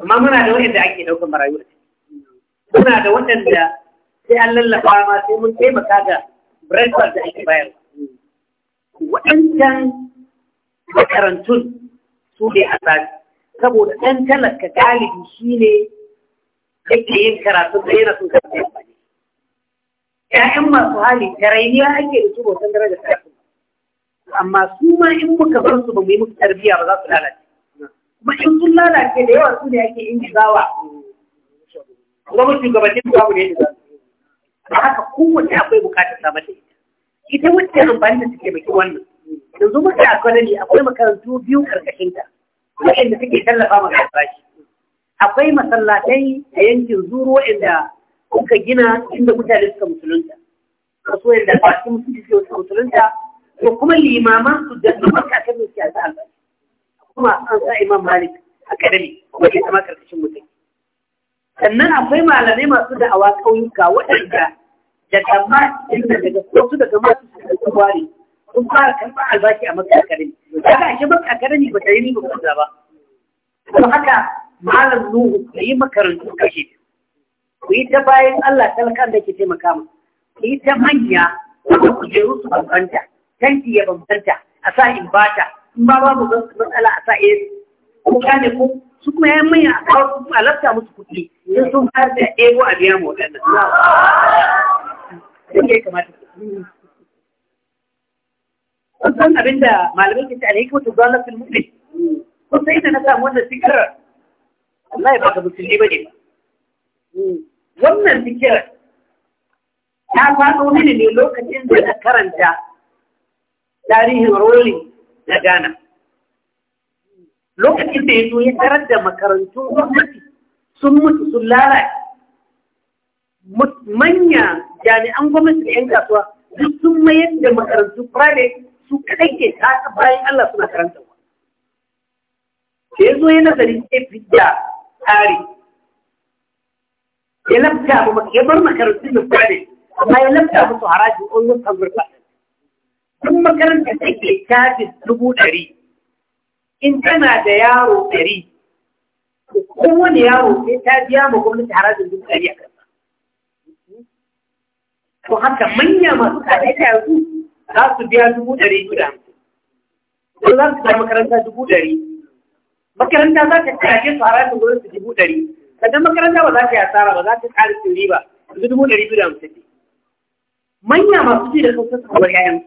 amma muna da wanda ake daukar marayu muna da waɗanda sai an lallafa ma sai mun taimaka ga breakfast da ake bayar waɗancan makarantun su ne a tsari saboda ɗan talaka galibi shi ne yake yin karatu da yana sun karatu ƴaƴan masu hali da rainiya ake da su bautan daraja ta yasu amma su ma in muka bar su ba mu yi musu tarbiyya ba za su lalace kuma in sun lalace da yawa su ne ake ingizawa kuma shugabannin babu ne da za haka kowace akwai bukatar samar da ita ita wacce amfani da suke baki wannan yanzu muka a ne akwai makarantu biyu karkashinta. ta waɗanda suke tallafa ma karfashi akwai masallatai a yankin zuru waɗanda kuka gina inda mutane suka musulunta kaso yadda ba su musulunci suka musulunta to kuma limaman su da su maka kan su siyasa albashi kuma an sa imam malik akademi kuma ke zama karkashin mutum sannan akwai malamai masu da'awa ƙauyuka waɗanda da masu daga wasu daga masu da tsawari sun fara karɓar albashi a maka akademi ka ashe maka akademi ba ta yi ni ba ba to haka malam nuhu ka yi makarantu kashe ku yi ta bayan Allah talakan da ke taimaka mu ku yi ta manya wanda ku je su bambanta tanki ya bambanta a sa in bata in ba babu matsala a sa in ku gane ku su kuma ya manya a kawo su a lafta musu kuɗi in sun fara da ego a biya mu waɗannan. Yake kamata. kusan abin da malamai ke ce alhikmatu dalalatul mu'min kusan ita na samu wannan sikarar Allah ya baka musulmi bane ba wannan zikirar ta faɗo mini ne lokacin da na karanta tarihin roli na Ghana. Lokacin da ya zo ya tarar da makarantun gwamnati sun mutu sun lalace. Manya jami'an gwamnati da 'yan kasuwa duk sun mayar da makarantu private su kaɗai ke ta bayan Allah suna karanta. Ke zo ya nazari fi da tsari ya lafta mu ya bar makarantun misali amma ya lafta musu haraji almost hundred percent duk makarantar da ke cajin dubu ɗari in tana da yaro ɗari kowane yaro sai ta biya ma gwamnati harajin dubu ɗari a kansa to haka manya masu kaɗai ta yanzu za su biya dubu ɗari biyu da hamsin ko za su biya makaranta dubu ɗari makaranta za ta caje su harajin gwamnati dubu ɗari sannan makaranta ba za ta yi asara ba za ta ƙara cin riba yanzu dubu ɗari biyu da hamsin ne manya masu ji da sun sassa kamar yayan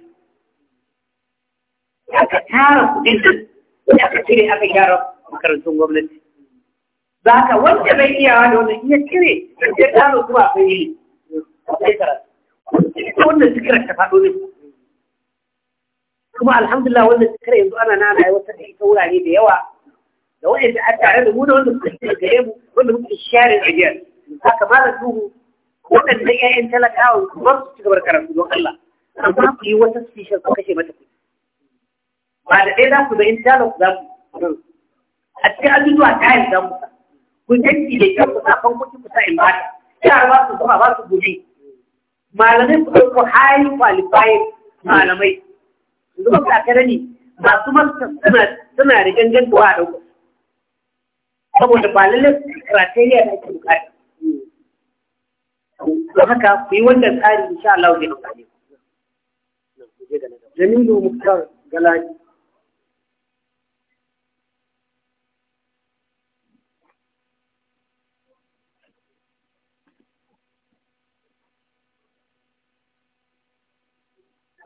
ya ka tara kuɗin nan ya ka cire aka gyara makarantun gwamnati za ka wanda bai iyawa da wannan iya cire ya ƙara zuwa sai yi wannan zikirar ta faɗo ne kuma alhamdulillah wannan zikirar yanzu ana nana aiwatar da ita wurare da yawa da wa'anda a tare da mu da wanda muka ci gare mu wanda muka share a giyar haka ma da duhu waɗanda ƴaƴan talakawa ba su ci gaba da karatu don Allah amma ku yi wata sishin ku kashe mata kuɗi ba da ɗaya za ku da in talo za ku a cikin abubuwa ta yi za mu sa ku yanki da kyau ku sa fan kuɗi ku sa in ba ta yara ba su zama ba su gobe malamai ku ɗauko hali kwalifayin malamai zuwa kakarani masu masu suna da gangan da wa ɗauko saboda ba lalle kriteriya da ake bukata to haka ku yi wannan tsari insha Allah zai amfane ku Jamilu Muktar Galani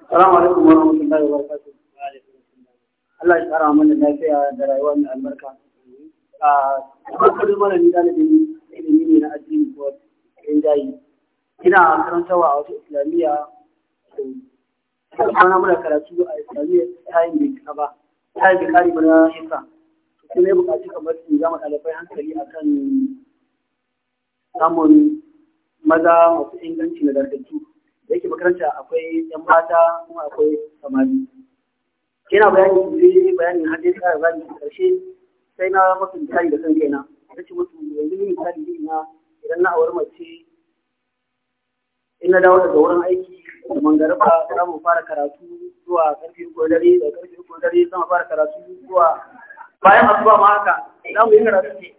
Salamu alaikum wa rahmatullahi wa barakatuh. Allah ya tsara mana lafiya da rayuwa mai albarka. kamar malami ɗalibin ilimi ne na addini ko rinjayi ina karantawa a wata islamiyya kuma muna karatu a islamiyya ta yi mai kika ta yi kari mana hisa sai na buƙaci kamar in zama ɗalibai hankali akan samun maza masu inganci na gargajiya da yake makaranta akwai yan mata kuma akwai samari kina bayani bayanin hadisi a zani karshe sai na masu misali da kan kaina ta ce musu yanzu ni misali yi na idan na awar mace in na dawo daga wurin aiki da mangaraba za mu fara karatu zuwa karfe uku dare da karfe uku dare za mu fara karatu zuwa bayan asuba ma haka za mu yi karatu ne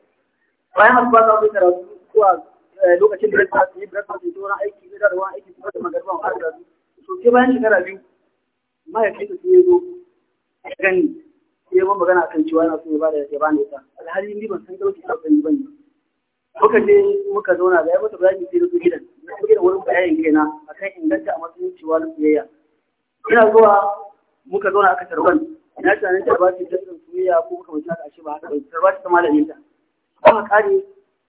bayan asuba za mu yi karatu zuwa eh, lokacin breakfast karatu breakfast ne wurin aiki ne da wurin aiki zuwa da mangaraba mu fara karatu to sai bayan shekara biyu mahaifin su sai ya zo gani ya ba magana kan cewa yana so ya bada ya bani ta. alhali ni ban san dauki ta ban bane muka je muka zauna da ya mata bayani sai da su gidan na gidan wurin bayanin kaina akan inganta a matsayin cewa na soyayya ina zuwa muka zauna aka tarban ina tunanin tarba ce ta tsin soyayya ko muka mutum a ba haka ba, ta tarba ta malamin ta kuma kare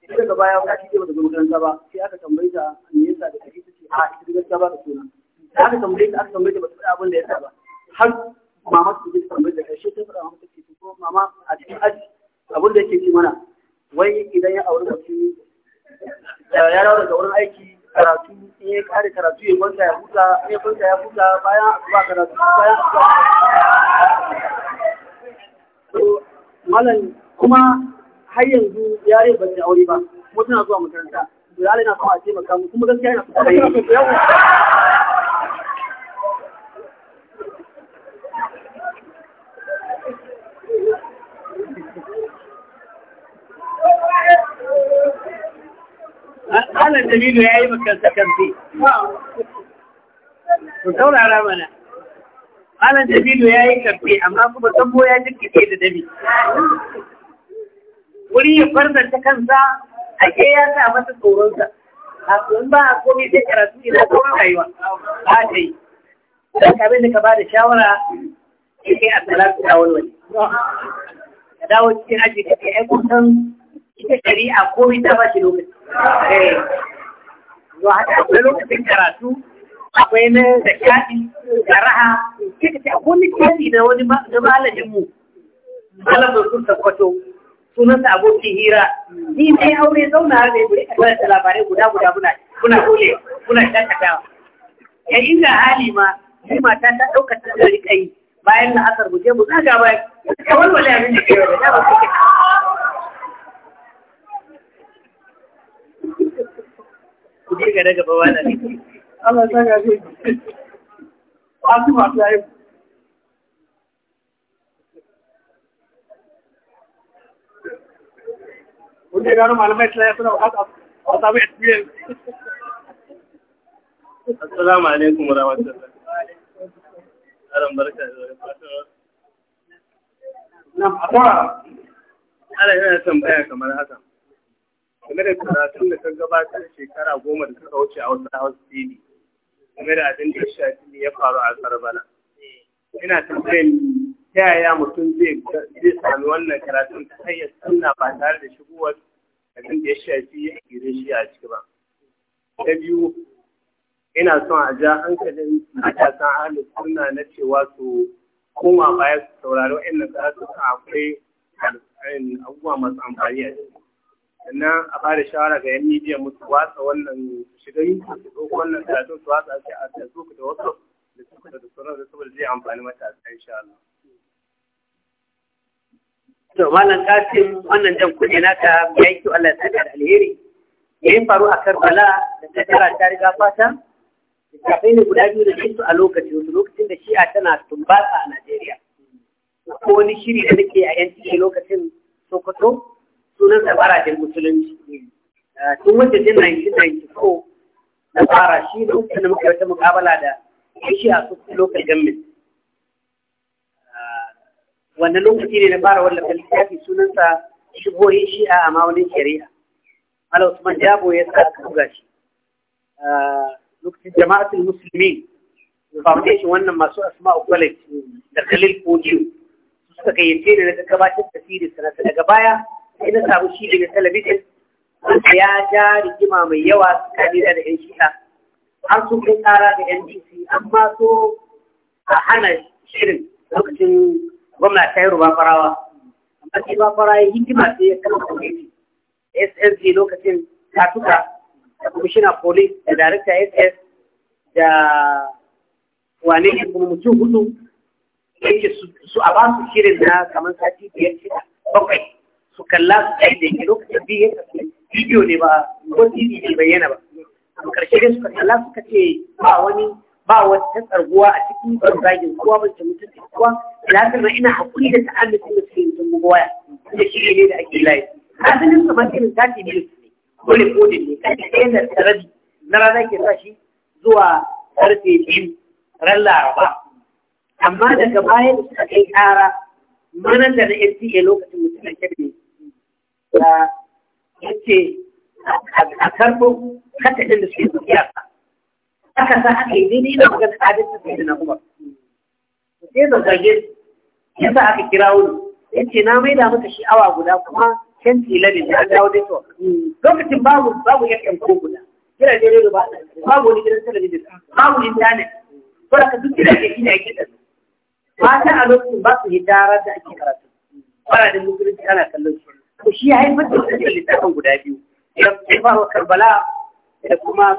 sai daga baya ba ta ce ba ta zo makaranta ba sai aka tambaye ta me yasa da kake ta a ita gaskiya ba ta suna da aka tambaye ta aka tambaye ta ba ta faɗa abin da ya sa ba har mama su zai tambayi da ƙarshe ta faɗa mama take ko mama a cikin aji abin da yake ci mana wai idan ya auri mutum ya dawo daga wurin aiki karatu in ya kare karatu ya kwanta ya huta in ya kwanta ya huta bayan asuba karatu bayan asuba malam kuma har yanzu yare ba ta aure ba kuma tana zuwa makaranta to na so a taimaka mu kuma gaskiya na fita da yawa Malam Jamilu ya yi makansa kamfe. Ku taurara mana. Malam Jamilu ya yi kamfe amma kuma tambo ya jirkice da dami. Wuri ya ta kansa a ke ya sa masa tsoronsa. Kasuwan ba a komai sai karatu ina sauran rayuwa. Ba ta yi. Ta kame da ka ba da shawara ya kai a salatu da wani wani. Ka dawo cikin aji ka kai ai kusan ita shari'a komai ta ba shi lokaci eh. zuwa haka akwai lokacin karatu akwai na da shaɗi da raha kika ce akwai littafi da wani na malamin mu malamin sun tabbato sunansa abokin hira ni ne aure zauna har ne bari a da labarai guda guda muna muna dole muna shakatawa ya inda hali ma ni mata ta ɗaukata ta da rikai bayan na asar mu je mu zaga bayan ya walwala abin da ke yau da ba su ku je ga daga bawa ne Allah ta gano malamai suna assalamu alaikum wa aran barka da fara yana tambaya kamar haka game da karatun da kan gabatar shekara goma da suka wuce a wasu house daily game da abin da shafi ne ya faru a karbala ina tambayin ta yaya mutum zai sami wannan karatun ta hanyar sunna ba tare da shigowar abin da ya shafi ya gire shi a ciki ba ta biyu ina son a ja hankalin matasan ahalin sunna na cewa su koma baya su saurari wa'annan karatuka akwai abubuwa masu amfani a ciki sannan a ba da shawara ga yan media musu watsa wannan shiga youtube su ɗauko wannan karatun su watsa ake a su da wasu da su da sauran da saboda zai amfani matasa insha Allah. to malam kasim wannan jan kuɗi naka ya yi kyau Allah ya saka da alheri yi faru a karbala da ta tara ta riga fata kafin ne guda biyu da su a lokacin, wasu lokacin da shi'a tana tumbatsa a najeriya ko wani shiri da nake a yanci lokacin sokoto Ah, tun sunan tsabara da musulunci tun wanda jin 1994 na fara shi da uku da muka wata mukabala da shi a su local government ah, wannan lokaci ne na fara wallafa littafi sunansa shigoyin shi'a a maunin shari'a ala usman jabo ya sa aka buga shi ah, lokacin jama'atul musulmi foundation wannan masu asma'u college da khalil kojiyo suka kayyace ne na gabatar da sirisa daga baya Ina samu shi daga talabijin wanda ya ja rigima mai yawa tsakani da da 'yan shi'a har sun kai tsara da ndc amma so a hana shirin lokacin gwamna ta yi ruba farawa amma sai ba fara ya hikima sai ya kama kwamiti ssg lokacin tatuka da kwamishina police da darakta ss da wane ne kuma mutum hudu yake su a ba su shirin na kamar sati biyar shida bakwai su kalla su kai da ke lokacin biyu bidiyo ne ba ko tv ne bayyana ba a karshe dai suka kalla suka ce ba wani ba wata tsarguwa a cikin zagin kowa ba ta mutunta kowa lafiyar ina hakuri da amince da suke mutum waya da shi ne da ake layi asalin kamar irin tashi ne dole ko da ne da ɗaya da tsarabi na rana ke sa shi zuwa karfe biyu ran laraba amma daga baya da suka kai kara manan da na NTA lokacin mutum da kebe ya ce a karɓo kata ɗin da suke zuciya aka sa aka yi daidai da magana adalci sai da na kuma sai da zarge ya sa aka kira wuri ya ce na maida maka sha'awa guda kuma can tila ne da an dawo da to lokacin babu babu ya kan ko guda kira da dai ba babu wani gidan talabijin babu intanet ko da ka duk gidan ke shi ne ake da mata a lokacin ba su hidara da ake karatu fara da musulunci ana kallon shi shi ya haifar da wannan littafin guda biyu ya faru karbala da kuma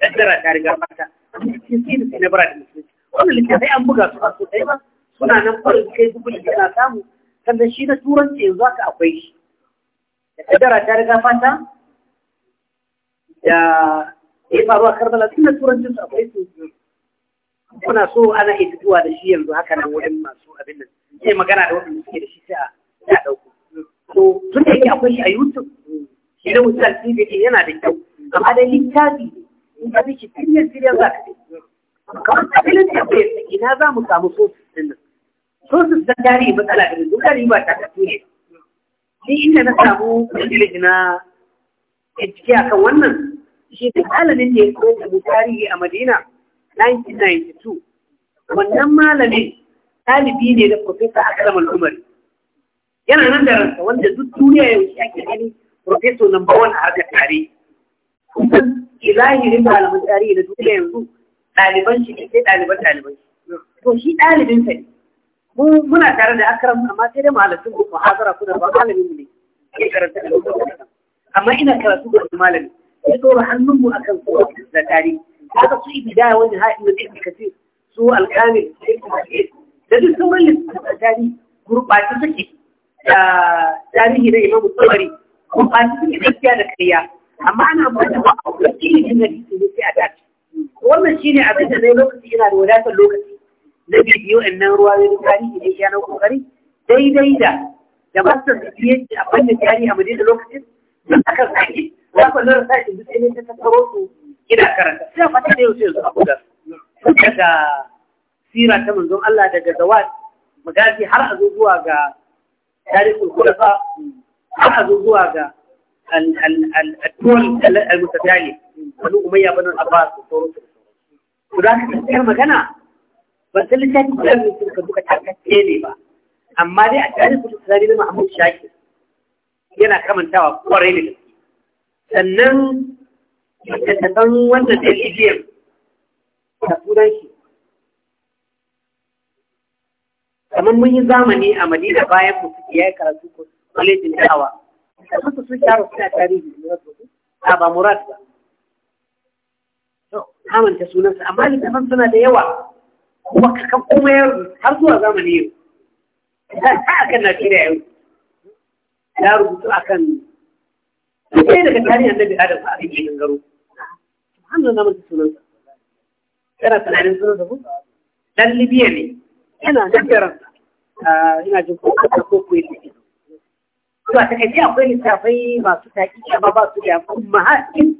ɗaddara ah, ta riga fata cikin sai na bara da musulunci wannan littafi an buga su a sosai ba suna nan farin kai dubul da na samu sannan shi na turanci yanzu haka akwai shi da ɗaddara ta riga mata da ya yi a karbala sun na turancin su akwai su kuna so ana iya fitowa da shi yanzu haka nan wurin masu abin nan sai magana da waɗanda suke da shi sai a ɗauko to tun da yake akwai shi a YouTube shi da ke yana da kyau amma dai littafi in ka bi shi tiriyar tiriyar za ka kamar kabilin da bai ina za mu samu sosis din nan sosis da tarihi matsala da duk tarihi ba ta kasu ne ni inda na samu kabilin na bincike kan wannan shi da malamin da ya koya tarihi a Madina 1992 wannan malamin ɗalibi ne da Profesa Akram Al-Umari yana nan da ransa wanda duk duniya yaushe ake gani profeso number one a harkar tarihi kusan ilahirin malaman tarihi na duniya yanzu ɗaliban shi ne sai ɗaliban ɗaliban shi to shi ɗalibin sa ne mu muna tare da akram amma sai dai malamin ku muhazara ku da ba malamin mu ne ke karanta da amma ina karatu da malami ya tsora hannun mu akan kowa da tarihi haka su ibidaya wani ha'in da zai kace su alkamil da duk sauran littattafan tarihi gurɓace suke da tarihi na imamu tsawari kun ba su gaskiya da kariya amma ana bada ba a wani ilimin na jiki ne sai a dace wannan shi ne abin da na lokaci ina da wadatar lokaci na bidiyo in nan ruwa wani tarihi ne ya nan kokari daidai da da masu da fiye da abin da tarihi a madina lokacin da aka sake za ku lura sa shi duk ne ta tattaro su ina karanta sai a fata da yau sai yanzu abu da daga sira ta manzon Allah daga zawad magazi har a zo zuwa ga tarihin kulafa aka zo zuwa ga al-tuwal al-mutatali wani umayya banin abbas da sauran su ku za ka tsakiyar magana ban san littafin da zai su ka duka takacce ne ba amma dai a tarihin mutatali na mahmud shaki yana kamantawa kwarai da gaske sannan wannan dalilin da sunan kamar mun yi zamani a madina bayan mutum ya yi karatu ko kwalejin da'awa su sun sharo suna tarihi a ba murad ba kamanta sunansa amma littafan suna da yawa kuma kakan kuma yau har zuwa zamani yau ta akan najeriya yau ya rubutu akan ɗaya daga tarihin annabi adam a cikin gangaro subhanallah na mutu sunansa yana tunanin sunansa ko dan libiya ne yana nan da ransa Ah, ina jin ko kasa ko kuwa ne to a takaice akwai littafai masu taƙi amma ba su da kuma haƙin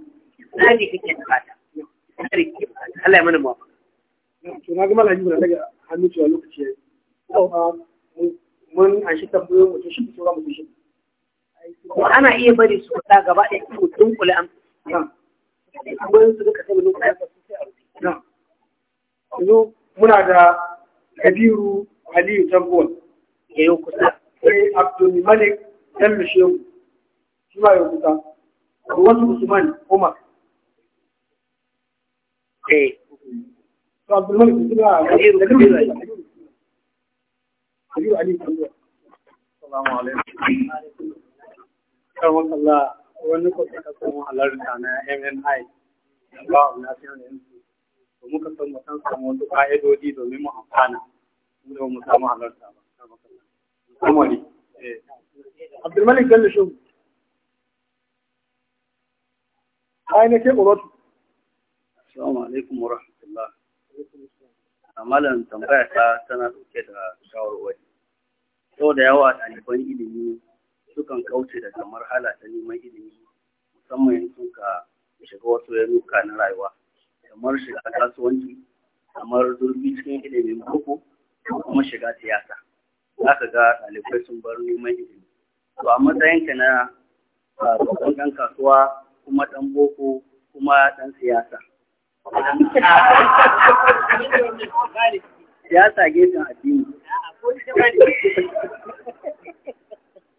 na ne kake ta Allah ya mana mawa to na gama lajibu na daga hannu cewa lokaci ya mun an shi tambayoyin mutum shi tura mutum shi ana iya bari su ta gaba ɗaya ko dunkule an su yanzu muna da kabiru Aliyu Tambol. Ya yi kusa. Sai Malik ɗan Mishehu. Shi ma ya kusa. Wasu Usman Umar. Eh. su suna Salamu alaikum. Karmar Allah wani halarta na MNI. Ba a wani fiye da yanzu. Muka san mutan samu wasu ƙa'idodi domin mu amfana. da mu samu halarta ba eh. Abdulmalik Bello shi alaikum wa amalan ah, tambaya ta tana dauke da shawarwari sau da yawa ɗaliban ilimi sukan kauce daga marhala ta neman ilimi musamman yanzu ka shiga wasu yanuka na rayuwa kamar shiga kasuwanci kamar zurfi cikin ilimin boko kuma shiga siyasa za ka ga ɗalibai sun bar neman ilimi to a matsayinka na babban ɗan kasuwa kuma ɗan boko kuma ɗan siyasa siyasa gefen addini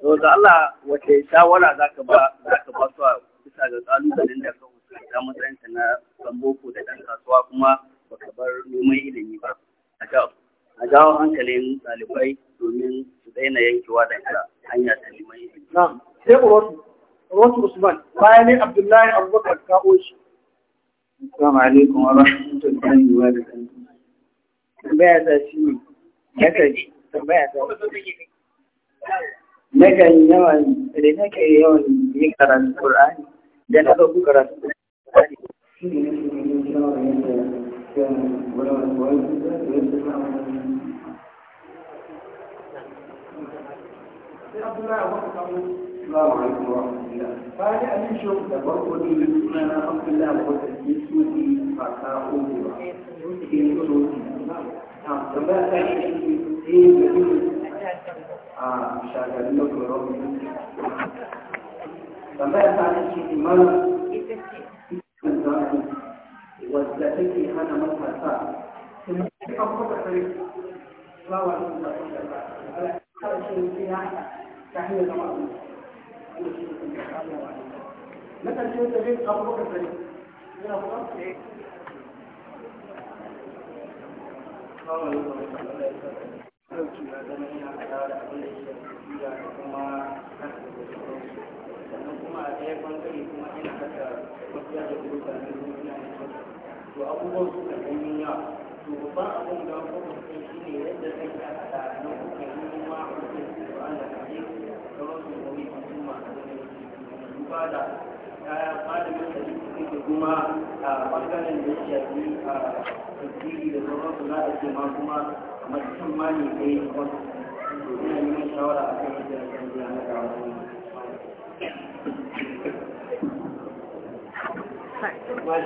to da Allah wace shawara za ka ba za ka ba su a bisa ga ƙalubalen da ka hukunta matsayinka na ɗan boko da ɗan kasuwa kuma ba ka bar neman ilimi jawo hankalin ɗalibai domin su daina yankewa daga hanya ta limai. Na'am, sai Urotu, Urotu Usman, bayan ne Abdullahi Abubakar kawo shi. Assalamu alaikum wa rahmatullahi wa barakatuh. Tambaya ta shi ne, ya kaji, tambaya ta. Nakan yawan, da nake yawan yin karatu Qur'ani, da na ɗauki karatu Qur'ani. suna a wata kamun Assalamu alaikum wa rahmatullah. Fani Aliyu Shehu da farko ne suna na Abdullah Abubakar ke soji ba ta ogewa. Ke soji. Tambaya ta shi ne eh gari a shagarin da kuma rabu. Tambaya ta shi ne mana ita ce zafi wadda take hana matasa. Kuma an kwata kai. Ba wani da kuma da ba. Ala, kawai shi ne تحمل طبعا مثلا شو انت جيت ابو بكر فريد ايه ابو بكر ايه abubuwan su da ganin yawa to ba abin da kuma shi ne yadda zai yi a na kuma yi ma a cikin su an da kaje duba da malamin da kuma a bangaren da shafi a tasiri da a ma kuma ne da yi wasu ina neman shawara a kan biya na da wani Thank you.